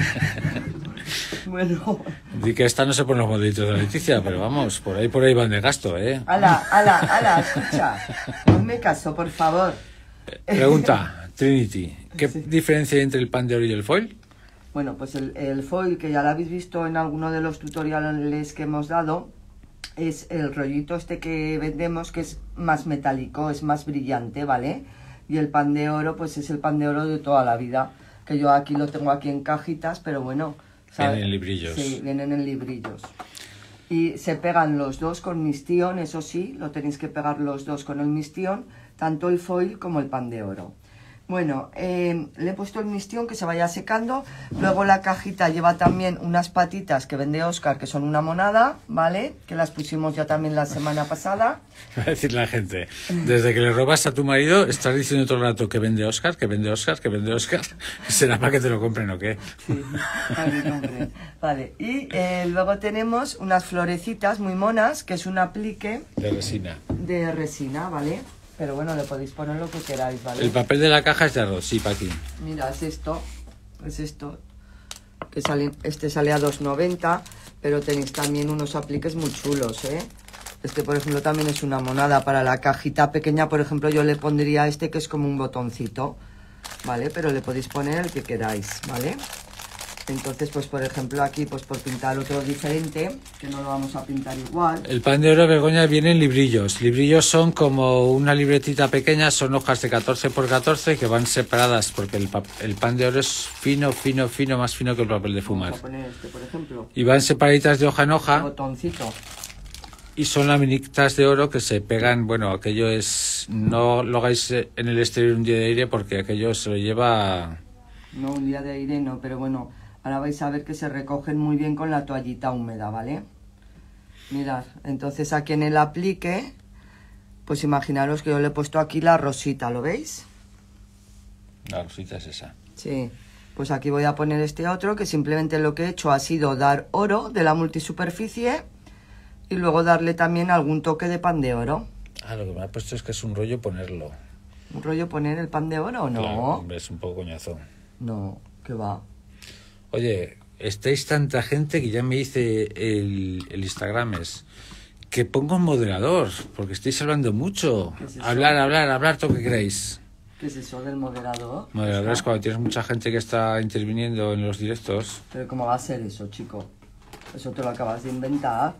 bueno. Di que esta no se pone los modelitos de Leticia, pero vamos, por ahí por ahí van de gasto, ¿eh? Ala, ala, ala, escucha. Ponme caso, por favor. Pregunta, Trinity, ¿qué diferencia hay entre el pan de oro y el foil? Bueno, pues el, foil, que ya lo habéis visto en alguno de los tutoriales que hemos dado, es el rollito este que vendemos, que es más metálico, es más brillante, ¿vale? vale y el pan de oro pues es el pan de oro de toda la vida, que yo aquí lo tengo aquí en cajitas, pero bueno, Vienen en librillos. Sí, vienen en librillos. Y se pegan los dos con mistión, eso sí, lo tenéis que pegar los dos con el mistión, tanto el foil como el pan de oro. Bueno, eh, le he puesto el mistión que se vaya secando. Luego la cajita lleva también unas patitas que vende Oscar, que son una monada, ¿vale? Que las pusimos ya también la semana pasada. Va a decir la gente, desde que le robas a tu marido, estás diciendo todo el rato que vende Oscar, que vende Oscar, que vende Oscar. ¿Será para que te lo compren o qué? Sí, Vale, y eh, luego tenemos unas florecitas muy monas, que es un aplique. De resina. De resina, ¿vale? Pero bueno, le podéis poner lo que queráis, ¿vale? El papel de la caja es de arroz, sí, Paqui. Mira, es esto, es esto. Que sale, este sale a 2,90, pero tenéis también unos apliques muy chulos, ¿eh? Este, por ejemplo, también es una monada. Para la cajita pequeña, por ejemplo, yo le pondría este que es como un botoncito, ¿vale? Pero le podéis poner el que queráis, ¿vale? vale entonces, pues por ejemplo aquí, pues por pintar otro diferente, que no lo vamos a pintar igual. El pan de oro de Vergoña viene en librillos. Librillos son como una libretita pequeña, son hojas de 14 por 14 que van separadas porque el, el pan de oro es fino, fino, fino, más fino que el papel de fumar. Este, y van separaditas de hoja en hoja. Y son laminitas de oro que se pegan, bueno, aquello es, no lo hagáis en el exterior un día de aire porque aquello se lo lleva... No, un día de aire no, pero bueno Ahora vais a ver que se recogen muy bien con la toallita húmeda, ¿vale? Mirad, entonces aquí en el aplique, pues imaginaros que yo le he puesto aquí la rosita, ¿lo veis? La rosita es esa. Sí, pues aquí voy a poner este otro, que simplemente lo que he hecho ha sido dar oro de la multisuperficie y luego darle también algún toque de pan de oro. Ah, lo que me ha puesto es que es un rollo ponerlo. ¿Un rollo poner el pan de oro o no? es un poco coñazo. No, que va oye, estáis tanta gente que ya me hice el, Instagram es que pongo un moderador, porque estáis hablando mucho. hablar, hablar, hablar, todo lo que queráis. ¿Qué es eso del moderador? Moderador es cuando tienes mucha gente que está interviniendo en los directos. Pero ¿cómo va a ser eso, chico? Eso te lo acabas de inventar.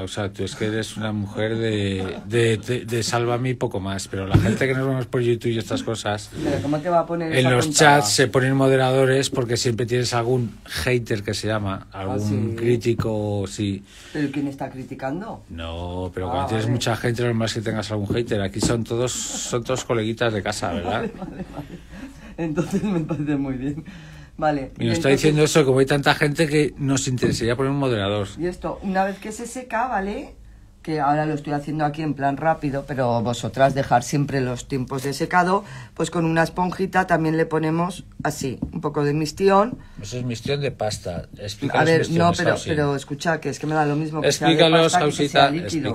O sea, tú es que eres una mujer de, de, de, mí poco más. Pero la gente que nos vemos por YouTube y estas cosas. cómo te va a poner En los chats se ponen moderadores porque siempre tienes algún hater que se llama, algún ah, crítico, sí. ¿Pero quién está criticando? No, pero ah, cuando tienes mucha gente, no es más que tengas algún hater. Aquí son todos, son todos coleguitas de casa, ¿verdad? Entonces me parece muy bien. Vale. Y nos está diciendo eso, como hay tanta gente que nos interesaría poner un moderador. Y esto, una vez que se seca, ¿vale? que ahora lo estoy haciendo aquí en plan rápido, pero vosotras dejar siempre los tiempos de secado, pues con una esponjita también le ponemos así, un poco de mistión. Eso es mistión de pasta. a ver, no, pero, pero escucha, que es que me da lo mismo que sea pasta que sea líquido.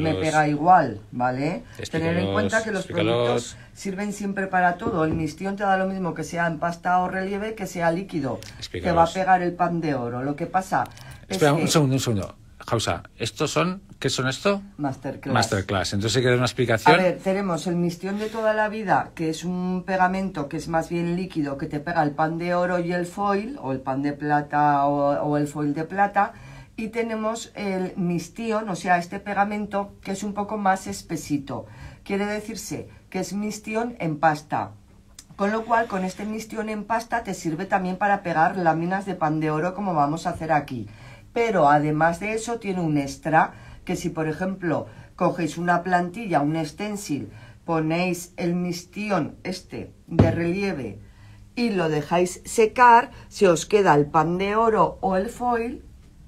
Me pega igual, ¿vale? Tener en cuenta que los productos sirven siempre para todo. El mistión te da lo mismo que sea en pasta o relieve que sea líquido. Te va a pegar el pan de oro. Lo que pasa... Espera, es un segundo, un segundo. Jausa, ¿estos son? ¿Qué son esto? Masterclass. Masterclass. Entonces hay que dar una explicación. A ver, tenemos el mistión de toda la vida, que es un pegamento que es más bien líquido, que te pega el pan de oro y el foil, o el pan de plata o, o el foil de plata. Y tenemos el mistión, o sea, este pegamento que es un poco más espesito. Quiere decirse que es mistión en pasta. Con lo cual, con este mistión en pasta te sirve también para pegar láminas de pan de oro como vamos a hacer aquí pero además de eso tiene un extra, que si por ejemplo cogéis una plantilla, un stencil, ponéis el mistión este de relieve y lo dejáis secar, se os queda el pan de oro o el foil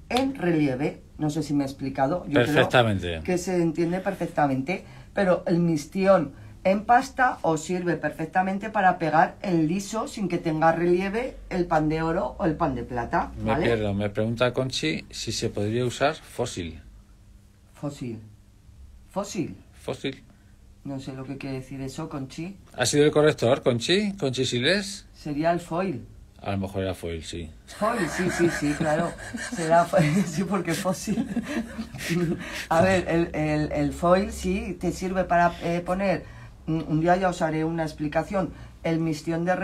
en relieve. No sé si me he explicado. Yo perfectamente. que se entiende perfectamente, pero el mistión en pasta o sirve perfectamente para pegar el liso sin que tenga relieve el pan de oro o el pan de plata. Me pierdo, me pregunta Conchi si se podría usar fósil. Fósil. Fósil. Fósil. No sé lo que quiere decir eso, Conchi. ¿Ha sido el corrector, Conchi? ¿Conchi Siles? Sería el foil. A lo mejor era foil, sí. Foil, sí, sí, sí, claro. Será foil, sí, porque fósil. A ver, el, el, el foil sí te sirve para eh, poner un día ya os haré una explicación. El mistión de,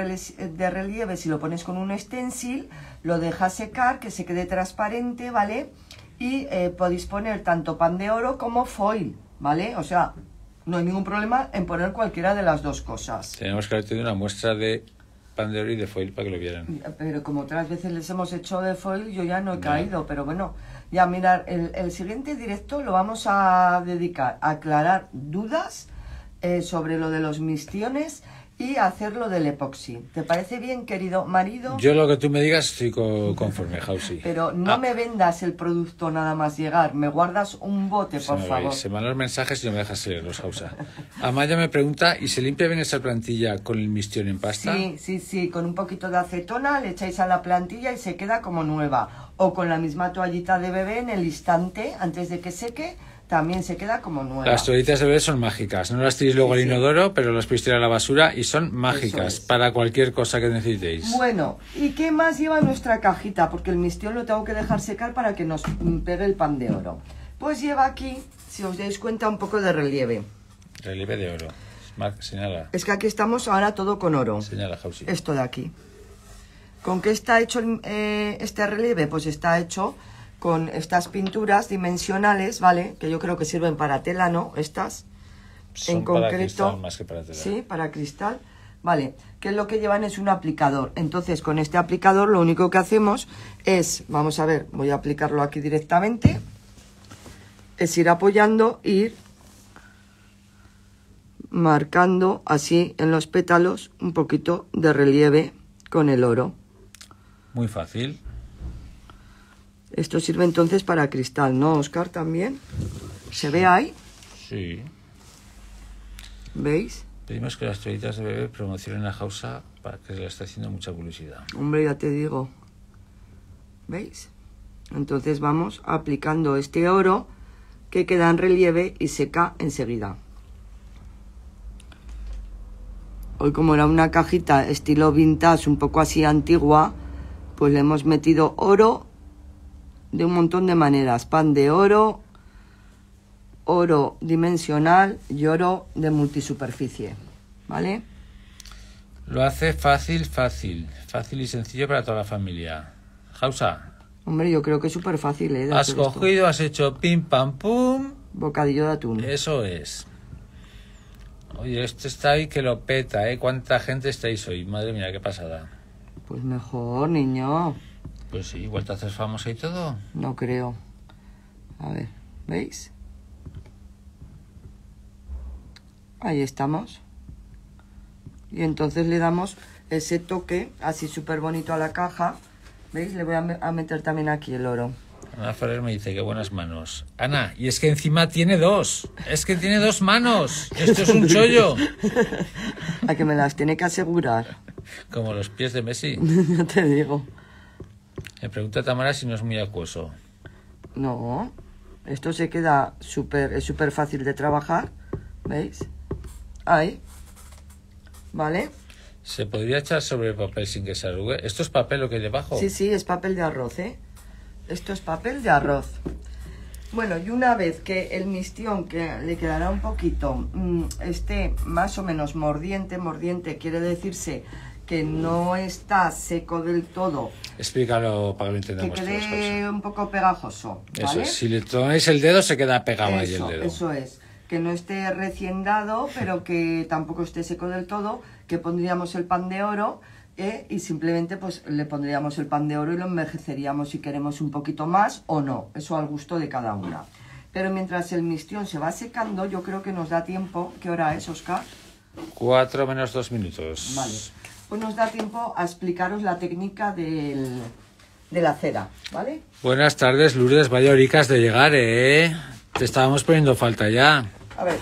relieve, si lo pones con un stencil, lo dejas secar, que se quede transparente, ¿vale? Y eh, podéis poner tanto pan de oro como foil, ¿vale? O sea, no hay ningún problema en poner cualquiera de las dos cosas. Tenemos que haber tenido una muestra de pan de oro y de foil para que lo vieran. Pero como otras veces les hemos hecho de foil, yo ya no he caído, pero bueno. Ya mirar, el, el siguiente directo lo vamos a dedicar a aclarar dudas eh, sobre lo de los mistiones y hacerlo del epoxi. ¿Te parece bien, querido marido? Yo lo que tú me digas estoy conforme, Hausi. Pero no ah. me vendas el producto nada más llegar, me guardas un bote, por favor. Se me van los mensajes y no me dejas los, Jausa. Amaya me pregunta, ¿y se limpia bien esa plantilla con el mistión en pasta? Sí, sí, sí, con un poquito de acetona le echáis a la plantilla y se queda como nueva. O con la misma toallita de bebé en el instante, antes de que seque, también se queda como nueva. Las toallitas de bebé son mágicas. No las tiréis luego al inodoro, pero las podéis tirar a la basura y son mágicas para cualquier cosa que necesitéis. Bueno, ¿y qué más lleva nuestra cajita? Porque el mistión lo tengo que dejar secar para que nos pegue el pan de oro. Pues lleva aquí, si os dais cuenta, un poco de relieve. Relieve de oro. Es que aquí estamos ahora todo con oro. Señala, Jausi. Esto de aquí. ¿Con qué está hecho eh, este relieve? Pues está hecho con estas pinturas dimensionales, ¿vale? Que yo creo que sirven para tela, ¿no? Estas. en concreto. que Sí, para cristal. Vale, que lo que llevan es un aplicador. Entonces, con este aplicador lo único que hacemos es, vamos a ver, voy a aplicarlo aquí directamente, es ir apoyando, ir marcando así en los pétalos un poquito de relieve con el oro. Muy fácil. Esto sirve entonces para cristal, ¿no, Oscar? También. ¿Se ve ahí? Sí. ¿Veis? Pedimos que las toallitas de bebé promocionen la Hausa para que se le esté haciendo mucha publicidad. Hombre, ya te digo. ¿Veis? Entonces vamos aplicando este oro que queda en relieve y seca enseguida. Hoy como era una cajita estilo vintage, un poco así antigua, pues le hemos metido oro de un montón de maneras. Pan de oro, oro dimensional y oro de multisuperficie. ¿Vale? Lo hace fácil, fácil. Fácil y sencillo para toda la familia. Jausa. Hombre, yo creo que es súper fácil, ¿eh? Has cogido, has hecho pim, pam, pum. Bocadillo de atún. Eso es. Oye, esto está ahí que lo peta, ¿eh? ¿Cuánta gente estáis hoy? Madre mía, qué pasada. Pues mejor, niño. Pues sí, igual te haces famosa y todo. No creo. A ver, ¿veis? Ahí estamos. Y entonces le damos ese toque así súper bonito a la caja. ¿Veis? Le voy a, meter también aquí el oro. Ana Ferrer me dice que buenas manos. Ana, y es que encima tiene dos. Es que tiene dos manos. Esto es un chollo. A que me las tiene que asegurar. Como los pies de Messi. ya te digo. Me pregunta Tamara si no es muy acuoso. No, esto se queda súper, es súper fácil de trabajar, ¿veis? Ahí, ¿vale? ¿Se podría echar sobre el papel sin que se arrugue? ¿Esto es papel lo que hay debajo? Sí, sí, es papel de arroz, ¿eh? Esto es papel de arroz. Bueno, y una vez que el mistión, que le quedará un poquito, mm, esté más o menos mordiente, mordiente quiere decirse que no está seco del todo. Explícalo para que entendamos. Que quede un poco pegajoso. ¿vale? Eso Si le tomáis el dedo, se queda pegado eso, ahí el dedo. Eso es. Que no esté recién dado, pero que tampoco esté seco del todo. Que pondríamos el pan de oro. ¿eh? y simplemente pues le pondríamos el pan de oro y lo envejeceríamos si queremos un poquito más o no, eso al gusto de cada una. Pero mientras el mistión se va secando, yo creo que nos da tiempo. ¿Qué hora es, Oscar? Cuatro menos dos minutos. Vale. Pues nos da tiempo a explicaros la técnica del, de la cera, ¿vale? Buenas tardes, Lourdes. Vaya horicas de llegar, ¿eh? Te estábamos poniendo falta ya. A ver.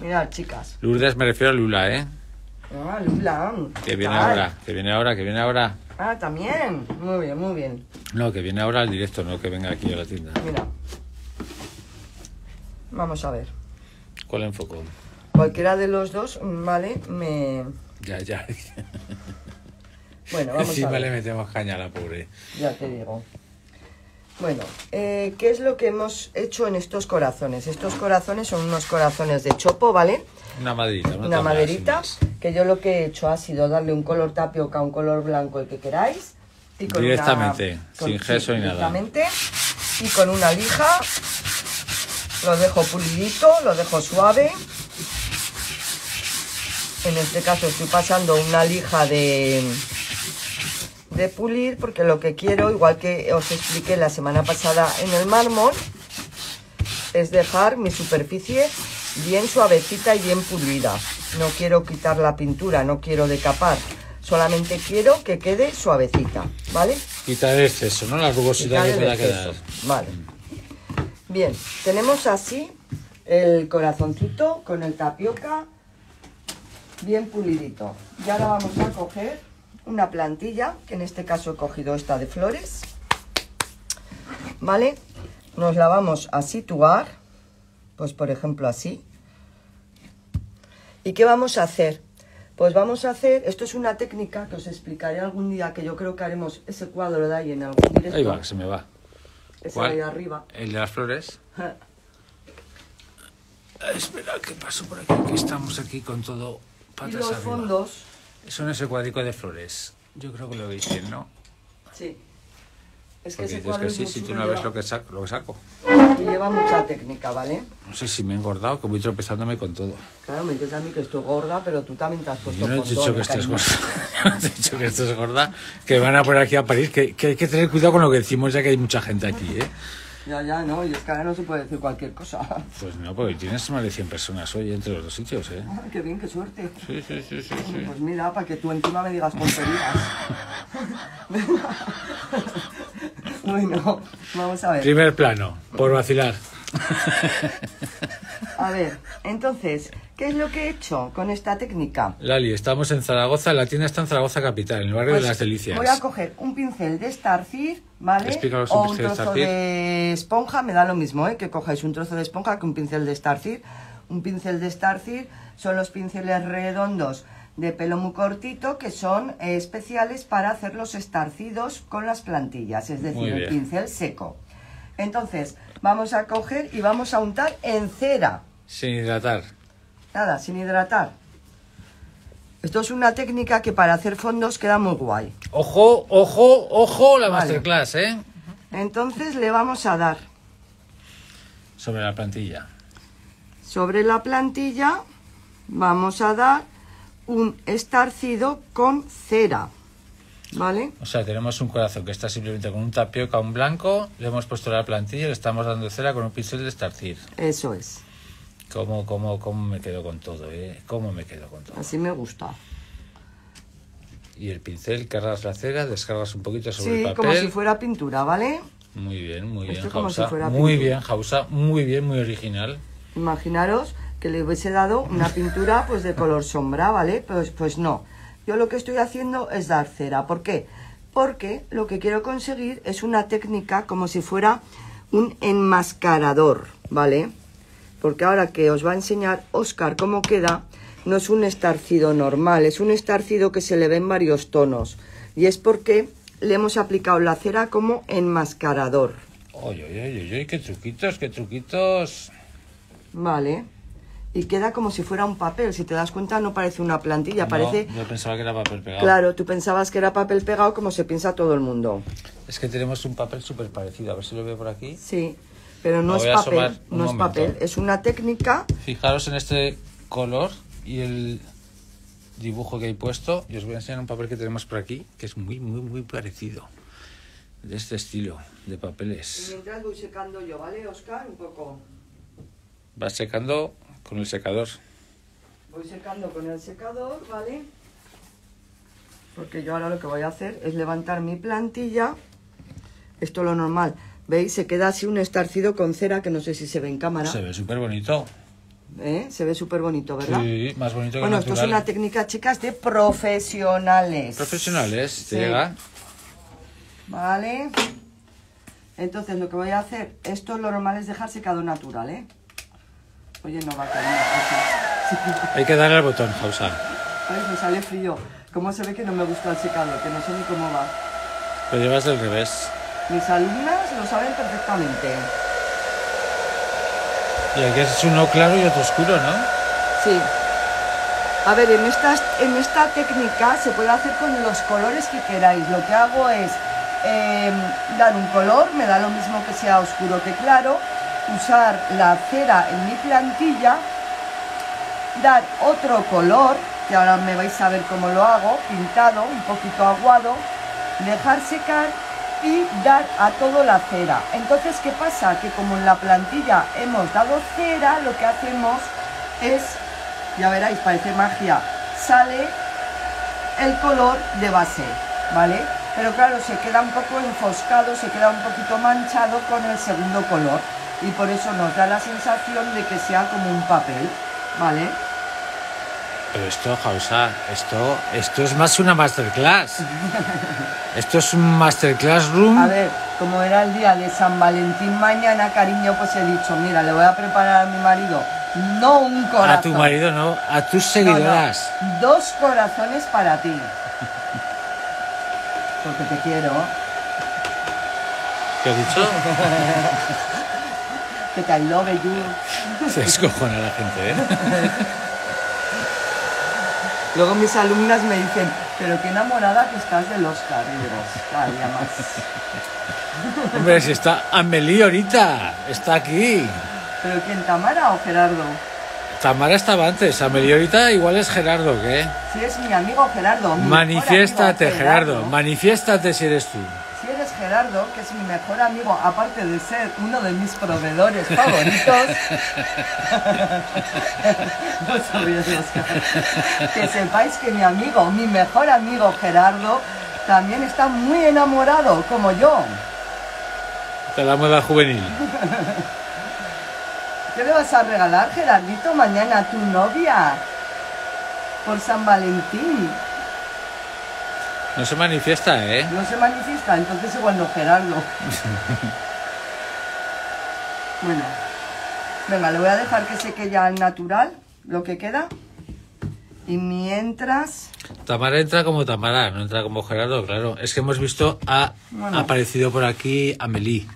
Mirad, chicas. Lourdes, me refiero a Lula, ¿eh? Ah, Lula. Que viene ahora, que viene ahora, que viene ahora. Ah, también. Muy bien, muy bien. No, que viene ahora al directo, no que venga aquí a la tienda. Mira. Vamos a ver. ¿Cuál enfoco? Cualquiera de los dos, vale, me, ya, ya. Bueno, vamos a pues ver. le metemos caña a la pobre. Ya te digo. Bueno, eh, ¿qué es lo que hemos hecho en estos corazones? Estos corazones son unos corazones de chopo, ¿vale? Una maderita. Una, una maderita, que yo lo que he hecho ha sido darle un color tapioca, un color blanco, el que queráis. Y directamente, sin gesso ni nada. Directamente, y con una lija, lo dejo pulidito, lo dejo suave. En este caso estoy pasando una lija de, de pulir porque lo que quiero, igual que os expliqué la semana pasada en el mármol, es dejar mi superficie bien suavecita y bien pulida. No quiero quitar la pintura, no quiero decapar. Solamente quiero que quede suavecita, ¿vale? Quitar el exceso, ¿no? La rugosidad que pueda quedar. Vale. Bien, tenemos así el corazoncito con el tapioca bien pulidito. Y ahora vamos a coger una plantilla, que en este caso he cogido esta de flores. ¿Vale? Nos la vamos a situar, pues por ejemplo así. ¿Y qué vamos a hacer? Pues vamos a hacer, esto es una técnica que os explicaré algún día, que yo creo que haremos ese cuadro de ahí en algún directo. Ahí va, se me va. Ese de ahí arriba. ¿El de las flores? Ah, espera, qué pasó por aquí, estamos aquí con todo y los fondos. Son ese cuadrico de flores. Yo creo que lo veis bien, ¿no? Sí. Es que Porque dices sí, si tú no ves lo que saco. Lo que saco. Y lleva mucha técnica, ¿vale? No sé si me he engordado, que voy tropezándome con todo. Claro, me dices a mí que estoy gorda, pero tú también te has puesto Yo no he dicho que que estés gorda. no he dicho que es gorda, que van a poner aquí a París, que, que, hay que tener cuidado con lo que decimos, ya que hay mucha gente aquí, ¿eh? Ya, ya, no, y es que ahora no se puede decir cualquier cosa. Pues no, porque tienes más de 100 personas hoy entre los dos sitios, ¿eh? qué bien, qué suerte. Sí, sí, sí, sí. Pues mira, para que tú encima me digas tonterías. bueno, vamos a ver. Primer plano, por vacilar. A ver, entonces, ¿qué es lo que he hecho con esta técnica? Lali, estamos en Zaragoza, la tienda está en Zaragoza Capital, en el barrio de pues las Delicias. Voy a coger un pincel de estarcir, ¿vale? o un, trozo de, esponja, me da lo mismo, ¿eh? Que cojáis un trozo de esponja que un pincel de estarcir. Un pincel de starcir son los pinceles redondos de pelo muy cortito que son eh, especiales para hacer los estarcidos con las plantillas, es decir, el pincel seco. Entonces, Vamos a coger y vamos a untar en cera. Sin hidratar. Nada, sin hidratar. Esto es una técnica que para hacer fondos queda muy guay. Ojo, ojo, ojo la masterclass, ¿eh? Entonces le vamos a dar. Sobre la plantilla. Sobre la plantilla vamos a dar un estarcido con cera. O sea, tenemos un corazón que está simplemente con un tapioca, un blanco, le hemos puesto la plantilla y le estamos dando cera con un pincel de estarcir. Eso es. ¿Cómo, cómo, cómo me quedo con todo? Eh? ¿Cómo me quedo con todo? Así me gusta. Y el pincel, cargas la cera, descargas un poquito sobre el papel. Sí, como si fuera pintura, ¿vale? Muy bien, muy bien, Jausa. muy bien, Jausa, muy bien, muy original. Imaginaros que le hubiese dado una pintura pues de color sombra, ¿vale? Pues, pues no, yo lo que estoy haciendo es dar cera. ¿Por qué? Porque lo que quiero conseguir es una técnica como si fuera un enmascarador, ¿vale? Porque ahora que os va a enseñar Oscar cómo queda, no es un estarcido normal, es un estarcido que se le ve en varios tonos. Y es porque le hemos aplicado la cera como enmascarador. Oye, oye, oye, qué truquitos, qué truquitos. Vale y queda como si fuera un papel. Si te das cuenta, no parece una plantilla, no, parece... Yo pensaba que era papel pegado. Claro, tú pensabas que era papel pegado como se piensa todo el mundo. Es que tenemos un papel súper parecido, a ver si lo veo por aquí. Sí, pero no, es papel, no es papel, es una técnica... Fijaros en este color y el dibujo que he puesto. Y os voy a enseñar un papel que tenemos por aquí, que es muy, muy, muy parecido. De este estilo de papeles. mientras voy secando yo, ¿vale, Oscar? Un poco. Vas secando con el secador. Voy secando con el secador, ¿vale? Porque yo ahora lo que voy a hacer es levantar mi plantilla. Esto lo normal. ¿Veis? Se queda así un estarcido con cera que no sé si se ve en cámara. Se ve súper bonito. ¿Eh? Se ve súper bonito, ¿verdad? Sí, más bonito que Bueno, esto es una técnica, chicas, de profesionales. Profesionales, llega. Vale. Entonces, lo que voy a hacer, esto lo normal es dejar secado natural, ¿eh? Oye, no va a caer. Hay que darle al botón, A ver, me sale frío. ¿Cómo se ve que no me gusta el secado? Que no sé ni cómo va. Lo llevas al revés. Mis alumnas lo saben perfectamente. Y aquí es uno claro y otro oscuro, ¿no? Sí. A ver, en esta, en esta técnica se puede hacer con los colores que queráis. Lo que hago es eh, dar un color, me da lo mismo que sea oscuro que claro, usar la cera en mi plantilla, dar otro color, que ahora me vais a ver cómo lo hago, pintado, un poquito aguado, dejar secar y dar a todo la cera. Entonces, ¿qué pasa? Que como en la plantilla hemos dado cera, lo que hacemos es, ya veréis, parece magia, sale el color de base, ¿vale? Pero claro, se queda un poco enfoscado, se queda un poquito manchado con el segundo color y por eso nos da la sensación de que sea como un papel, ¿vale? Pero esto, Jausa, esto, esto es más una masterclass. esto es un masterclass room. A ver, como era el día de San Valentín mañana, cariño, pues he dicho, mira, le voy a preparar a mi marido no un corazón. A tu marido no, a tus seguidoras. Dos corazones para ti. Porque te quiero. ¿Qué has dicho? que te love you. Se descojona la gente, ¿eh? Luego mis alumnas me dicen, pero qué enamorada que estás de los y digo, más. Hombre, si está Amelie ahorita, está aquí. ¿Pero quién, Tamara o Gerardo? Tamara estaba antes, Amelie ahorita igual es Gerardo, ¿qué? Sí, es mi amigo Gerardo. manifiéstate, Gerardo, manifiéstate si eres tú. Gerardo, que es mi mejor amigo, aparte de ser uno de mis proveedores favoritos. Que sepáis que mi amigo, mi mejor amigo Gerardo, también está muy enamorado, como yo. De la moda juvenil. ¿Qué le vas a regalar, Gerardito, mañana a tu novia? Por San Valentín. No se manifiesta, ¿eh? No se manifiesta, entonces igual no Gerardo. bueno, venga, le voy a dejar que seque ya al natural lo que queda. Y mientras... Tamara entra como Tamara, no entra como Gerardo, claro. Es que hemos visto, ha aparecido por aquí Amelie.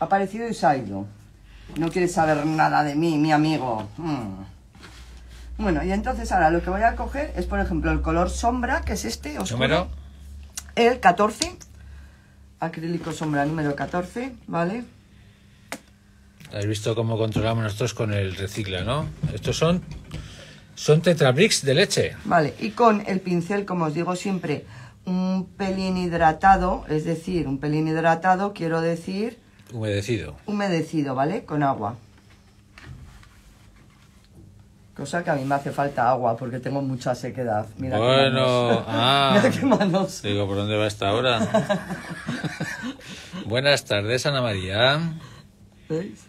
Ha aparecido y No quiere saber nada de mí, mi amigo. Mm. Bueno, y entonces ahora lo que voy a coger es, por ejemplo, el color sombra, que es este, oscuro el 14, acrílico sombra número 14, ¿vale? Habéis visto cómo controlamos nosotros con el recicla, ¿no? Estos son, son tetrabricks de leche. Vale, y con el pincel, como os digo siempre, un pelín hidratado, es decir, un pelín hidratado quiero decir... Humedecido. Humedecido, ¿vale? Con agua. Cosa que a mí me hace falta agua porque tengo mucha sequedad. Mira bueno, ah. qué manos. Digo, ¿por dónde va esta hora? Buenas tardes, Ana María. ¿Veis?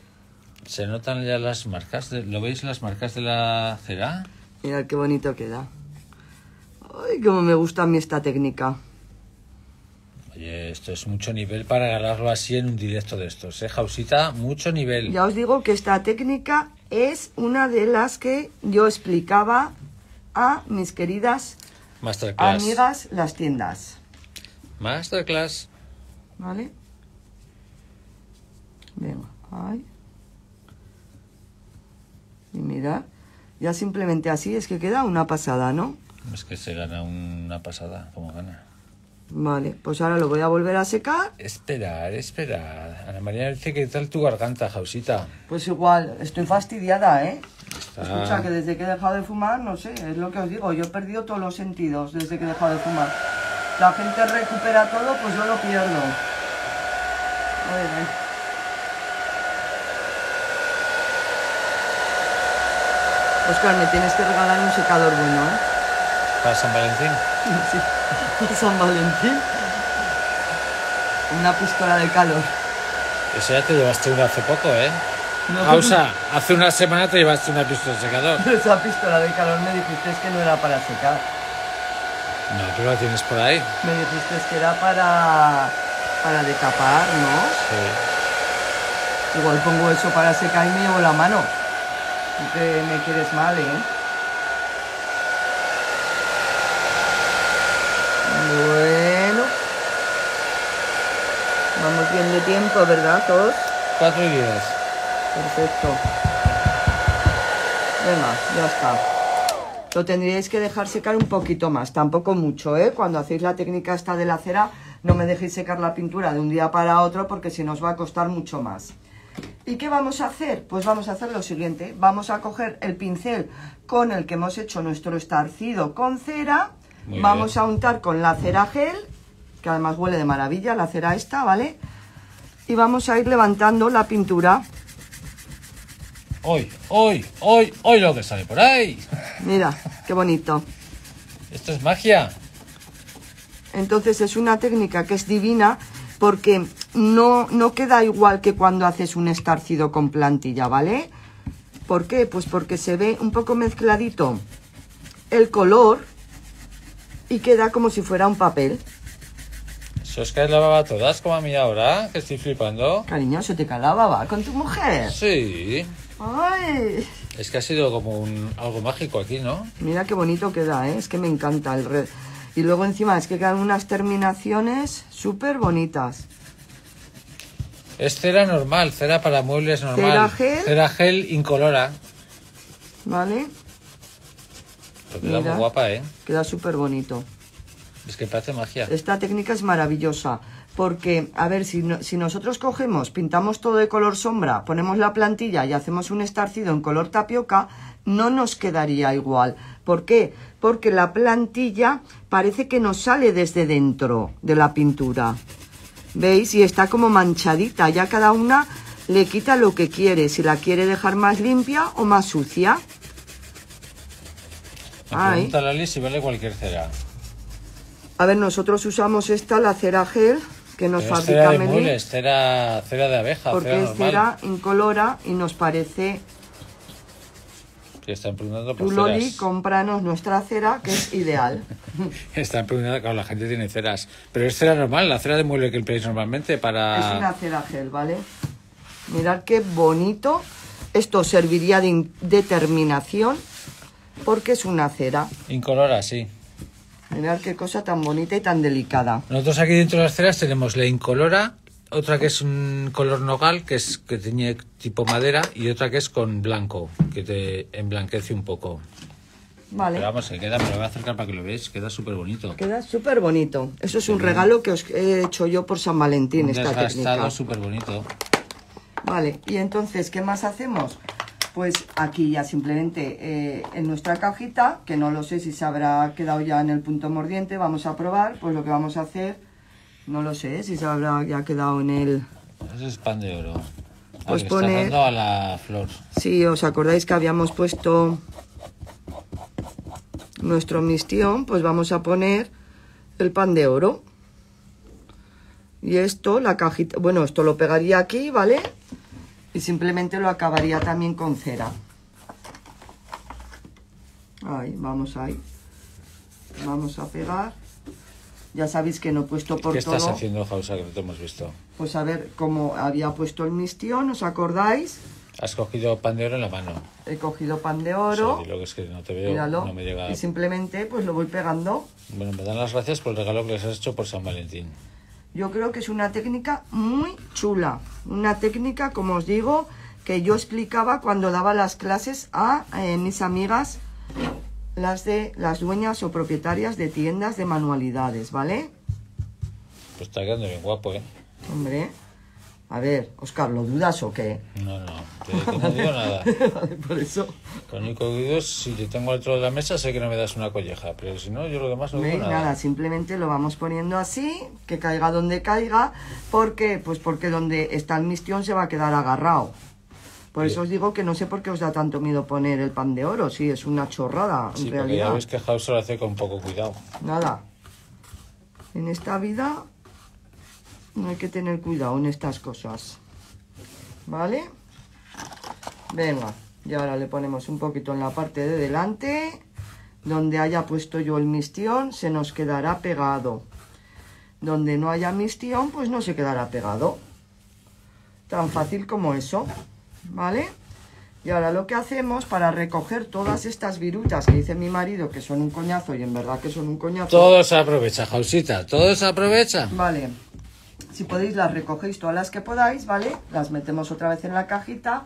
¿Se notan ya las marcas? ¿Lo veis las marcas de la cera? Mira qué bonito queda. Ay, cómo me gusta a mí esta técnica. Oye, esto es mucho nivel para ganarlo así en un directo de estos, ¿eh, Jausita? Mucho nivel. Ya os digo que esta técnica es una de las que yo explicaba a mis queridas amigas las tiendas. Masterclass. ¿Vale? Venga, ahí. Y mira, ya simplemente así es que queda una pasada, ¿no? Es que se gana una pasada, como gana. Vale, pues ahora lo voy a volver a secar. Esperar, esperar. Ana María dice que tal tu garganta, Jausita. Pues igual, estoy fastidiada, ¿eh? Escucha, que desde que he dejado de fumar, no sé, es lo que os digo, yo he perdido todos los sentidos desde que he dejado de fumar. La gente recupera todo, pues yo lo pierdo. A Oscar, me tienes que regalar un secador bueno, ¿eh? ¿Para San Valentín? sí. San Valentín una pistola de calor. esa ya te llevaste una hace poco, ¿eh? No, Pausa, ah, hace una semana te llevaste una pistola de secador. esa pistola de calor me dijiste que no era para secar. No, pero la tienes por ahí. Me dijiste que era para, para decapar, ¿no? Sí. Igual pongo eso para secar y me llevo la mano. te me quieres mal, ¿eh? bien tiempo, ¿verdad? Todos. Cuatro días Perfecto. Venga, ya está lo tendríais que dejar secar un poquito más, tampoco mucho, ¿eh? Cuando hacéis la técnica esta de la cera, no me dejéis secar la pintura de un día para otro porque si nos va a costar mucho más. ¿Y qué vamos a hacer? Pues vamos a hacer lo siguiente, vamos a coger el pincel con el que hemos hecho nuestro estarcido con cera, vamos a untar con la cera gel, que además huele de maravilla la cera esta, ¿vale? vale y vamos a ir levantando la pintura. Hoy, hoy, hoy, hoy lo que sale por ahí. Mira, qué bonito. Esto es magia. Entonces es una técnica que es divina porque no, no queda igual que cuando haces un estarcido con plantilla, ¿vale? ¿Por qué? Pues porque se ve un poco mezcladito el color y queda como si fuera un papel. Sos os cae la baba todas como a mí ahora? Que estoy flipando. Cariño, ¿se te calaba va con tu mujer? Sí. Ay. Es que ha sido como un, algo mágico aquí, ¿no? Mira qué bonito queda, ¿eh? Es que me encanta el red. Y luego encima es que quedan unas terminaciones súper bonitas. Es cera normal, cera para muebles normal. Cera gel. Cera gel incolora. Vale. queda muy guapa, ¿eh? Queda súper bonito. Es Esta técnica es maravillosa porque, a ver, si, si nosotros cogemos, pintamos todo de color sombra, ponemos la plantilla y hacemos un estarcido en color tapioca, no nos quedaría igual. ¿Por qué? Porque la plantilla parece que nos sale desde dentro de la pintura. ¿Veis? Y está como manchadita. Ya cada una le quita lo que quiere, si la quiere dejar más limpia o más sucia. pregunta si vale cualquier cera. A ver, nosotros usamos esta, la cera gel, que nos fabrica cera de cera, de abeja, porque es cera incolora y nos parece... está preguntando por Tú, Loli, compranos nuestra cera, que es ideal. Está preguntando, claro, la gente tiene ceras. Pero es cera normal, la cera de mueble que empleáis normalmente para... Es una cera gel, ¿vale? Mirad qué bonito. Esto serviría de determinación porque es una cera. Incolora, sí. Mirad qué cosa tan bonita y tan delicada. Nosotros aquí dentro de las ceras tenemos la incolora, otra que es un color nogal, que es que tiene tipo madera, y otra que es con blanco, que te emblanquece un poco. Vale. Pero vamos, se queda, me lo voy a acercar para que lo veáis, queda súper bonito. Queda súper bonito. Eso es un regalo que os he hecho yo por San Valentín, esta técnica. súper bonito. Vale, y entonces, ¿qué más hacemos? pues aquí ya simplemente eh, en nuestra cajita, que no lo sé si se habrá quedado ya en el punto mordiente, vamos a probar, pues lo que vamos a hacer, no lo sé si se habrá ya quedado en el... Ese es pan de oro. Ah, pues poner... Está la flor. Sí, os acordáis que habíamos puesto nuestro mistión, pues vamos a poner el pan de oro. Y esto, la cajita, bueno, esto lo pegaría aquí, ¿vale? y simplemente lo acabaría también con cera. Ahí, vamos ahí. Vamos a pegar. Ya sabéis que no he puesto por todo. ¿Qué estás haciendo, Jausa, que no te hemos visto? Pues a ver, cómo había puesto el mistión, ¿os acordáis? Has cogido pan de oro en la mano. He cogido pan de oro. lo que es que no te veo, no me llega... Y simplemente pues lo voy pegando. Bueno, me dan las gracias por el regalo que les has hecho por San Valentín. Yo creo que es una técnica muy chula. Una técnica, como os digo, que yo explicaba cuando daba las clases a eh, mis amigas, las de las dueñas o propietarias de tiendas de manualidades, ¿vale? Pues está quedando bien guapo, ¿eh? Hombre, a ver, Oscar, ¿lo dudas o qué? No, no, que, no digo nada. por eso. Con único que si te tengo dentro de la mesa, sé que no me das una colleja, pero si no, yo lo demás no digo nada. nada. simplemente lo vamos poniendo así, que caiga donde caiga. porque, Pues porque donde está el mistión se va a quedar agarrado. Por eso os digo que no sé por qué os da tanto miedo poner el pan de oro, sí, es una chorrada, en realidad. Sí, ya ves que Hauser lo hace con poco cuidado. Nada. En esta vida no Hay que tener cuidado en estas cosas. ¿Vale? Venga, y ahora le ponemos un poquito en la parte de delante. Donde haya puesto yo el mistión, se nos quedará pegado. Donde no haya mistión, pues no se quedará pegado. Tan fácil como eso. ¿Vale? Y ahora lo que hacemos para recoger todas estas virutas que dice mi marido que son un coñazo y en verdad que son un coñazo. Todo se aprovecha, Jausita, todo se aprovecha. Vale, si podéis las recogéis todas las que podáis, ¿vale? Las metemos otra vez en la cajita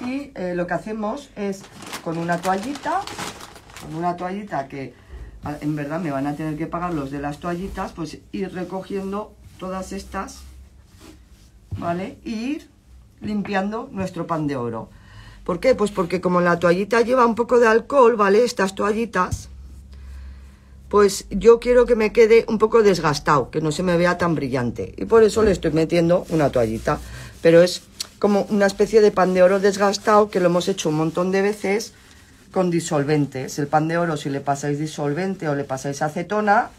y eh, lo que hacemos es con una toallita, con una toallita que en verdad me van a tener que pagar los de las toallitas, pues ir recogiendo todas estas, ¿vale? Y ir limpiando nuestro pan de oro. ¿Por qué? Pues porque como la toallita lleva un poco de alcohol, ¿vale? Estas toallitas, pues yo quiero que me quede un poco desgastado, que no se me vea tan brillante. Y por eso le estoy metiendo una toallita. Pero es como una especie de pan de oro desgastado que lo hemos hecho un montón de veces con disolventes. El pan de oro, si le pasáis disolvente o le pasáis acetona,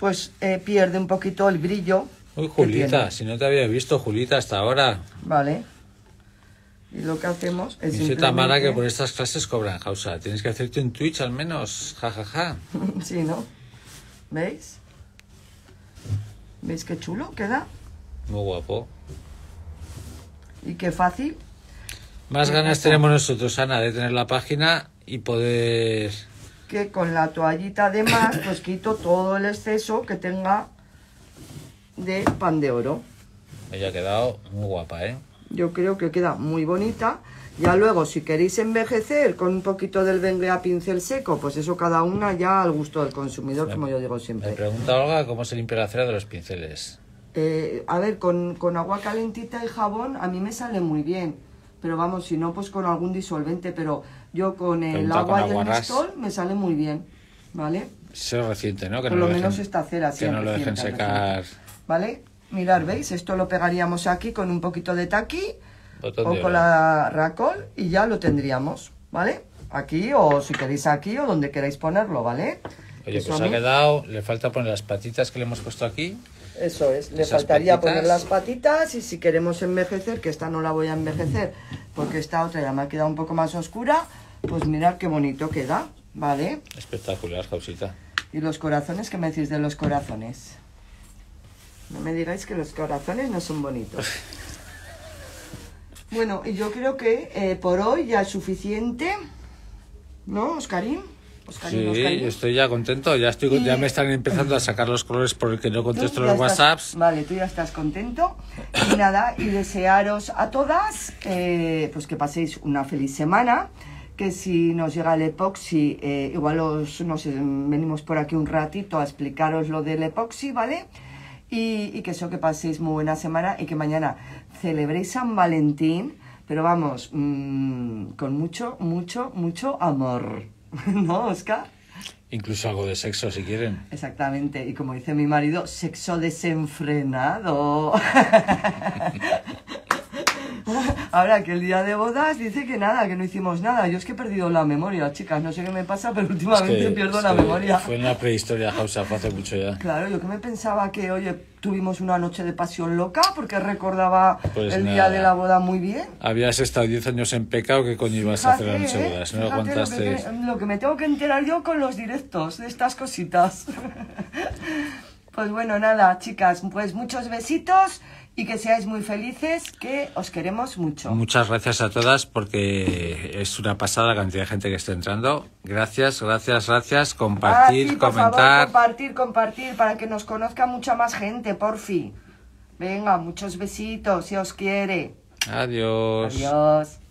pues eh, pierde un poquito el brillo. Uy, Julita, si no te había visto, Julita, hasta ahora. Vale. Y lo que hacemos es. Dice tan mala que por estas clases cobran, causa Tienes que hacerte un Twitch al menos, jajaja. Ja, ja. sí, ¿no? ¿Veis? ¿Veis qué chulo queda? Muy guapo. Y qué fácil. Más ganas tenemos nosotros, Ana, de tener la página y poder... Que con la toallita de más, pues quito todo el exceso que tenga de pan de oro. Ella ha quedado muy guapa, ¿eh? Yo creo que queda muy bonita. Ya luego, si queréis envejecer con un poquito del vengue a pincel seco, pues eso cada una ya al gusto del consumidor, como yo digo siempre. Me pregunta Olga cómo se limpia la cera de los pinceles. Eh, a ver, con, agua calentita y jabón a mí me sale muy bien. Pero vamos, si no, pues con algún disolvente. Pero yo con el agua y el mistol me sale muy bien, ¿vale? Se reciente, ¿no? Que Por lo, menos esta cera Que no lo dejen secar. ¿Vale? Mirar, ¿veis? Esto lo pegaríamos aquí con un poquito de taqui o con la racol y ya lo tendríamos, ¿vale? Aquí o si queréis aquí o donde queráis ponerlo, ¿vale? Oye, pues ha quedado, le falta poner las patitas que le hemos puesto aquí. Eso es, le faltaría poner las patitas y si queremos envejecer, que esta no la voy a envejecer porque esta otra ya me ha quedado un poco más oscura, pues mirad qué bonito queda, ¿vale? Espectacular, Jausita. ¿Y los corazones? ¿Qué me decís de los corazones? No me digáis que los corazones no son bonitos. Bueno, y yo creo que eh, por hoy ya es suficiente. ¿No, Oscarín? sí, estoy ya contento. Ya, estoy, ya me están empezando a sacar los colores porque no contesto los WhatsApps. Vale, tú ya estás contento. Y nada, y desearos a todas eh, pues que paséis una feliz semana. Que si nos llega el epoxi, eh, igual os, nos venimos por aquí un ratito a explicaros lo del epoxi, ¿vale? vale y, que eso, que paséis muy buena semana y que mañana celebréis San Valentín, pero vamos, mm, con mucho, mucho, mucho amor. ¿No, Oscar? Incluso algo de sexo, si quieren. Exactamente. Y como dice mi marido, sexo desenfrenado. Ahora que el día de bodas dice que nada, que no hicimos nada. Yo es que he perdido la memoria, chicas. No sé qué me pasa, pero últimamente pierdo la memoria. Fue en la prehistoria House hace mucho ya. Claro, yo que me pensaba que, oye, tuvimos una noche de pasión loca porque recordaba pues el día de la boda muy bien. Habías estado 10 años en pecado, ¿qué coño ibas a hacer la noche de ¿eh? bodas? No Lo lo que me tengo que enterar yo con los directos de estas cositas. Pues bueno, nada, chicas, pues muchos besitos y que seáis muy felices, que os queremos mucho. Muchas gracias a todas porque es una pasada la cantidad de gente que está entrando. Gracias, gracias, gracias. Compartir, comentar. por Favor, compartir, compartir para que nos conozca mucha más gente, por fin. Venga, muchos besitos, si os quiere. Adiós. Adiós.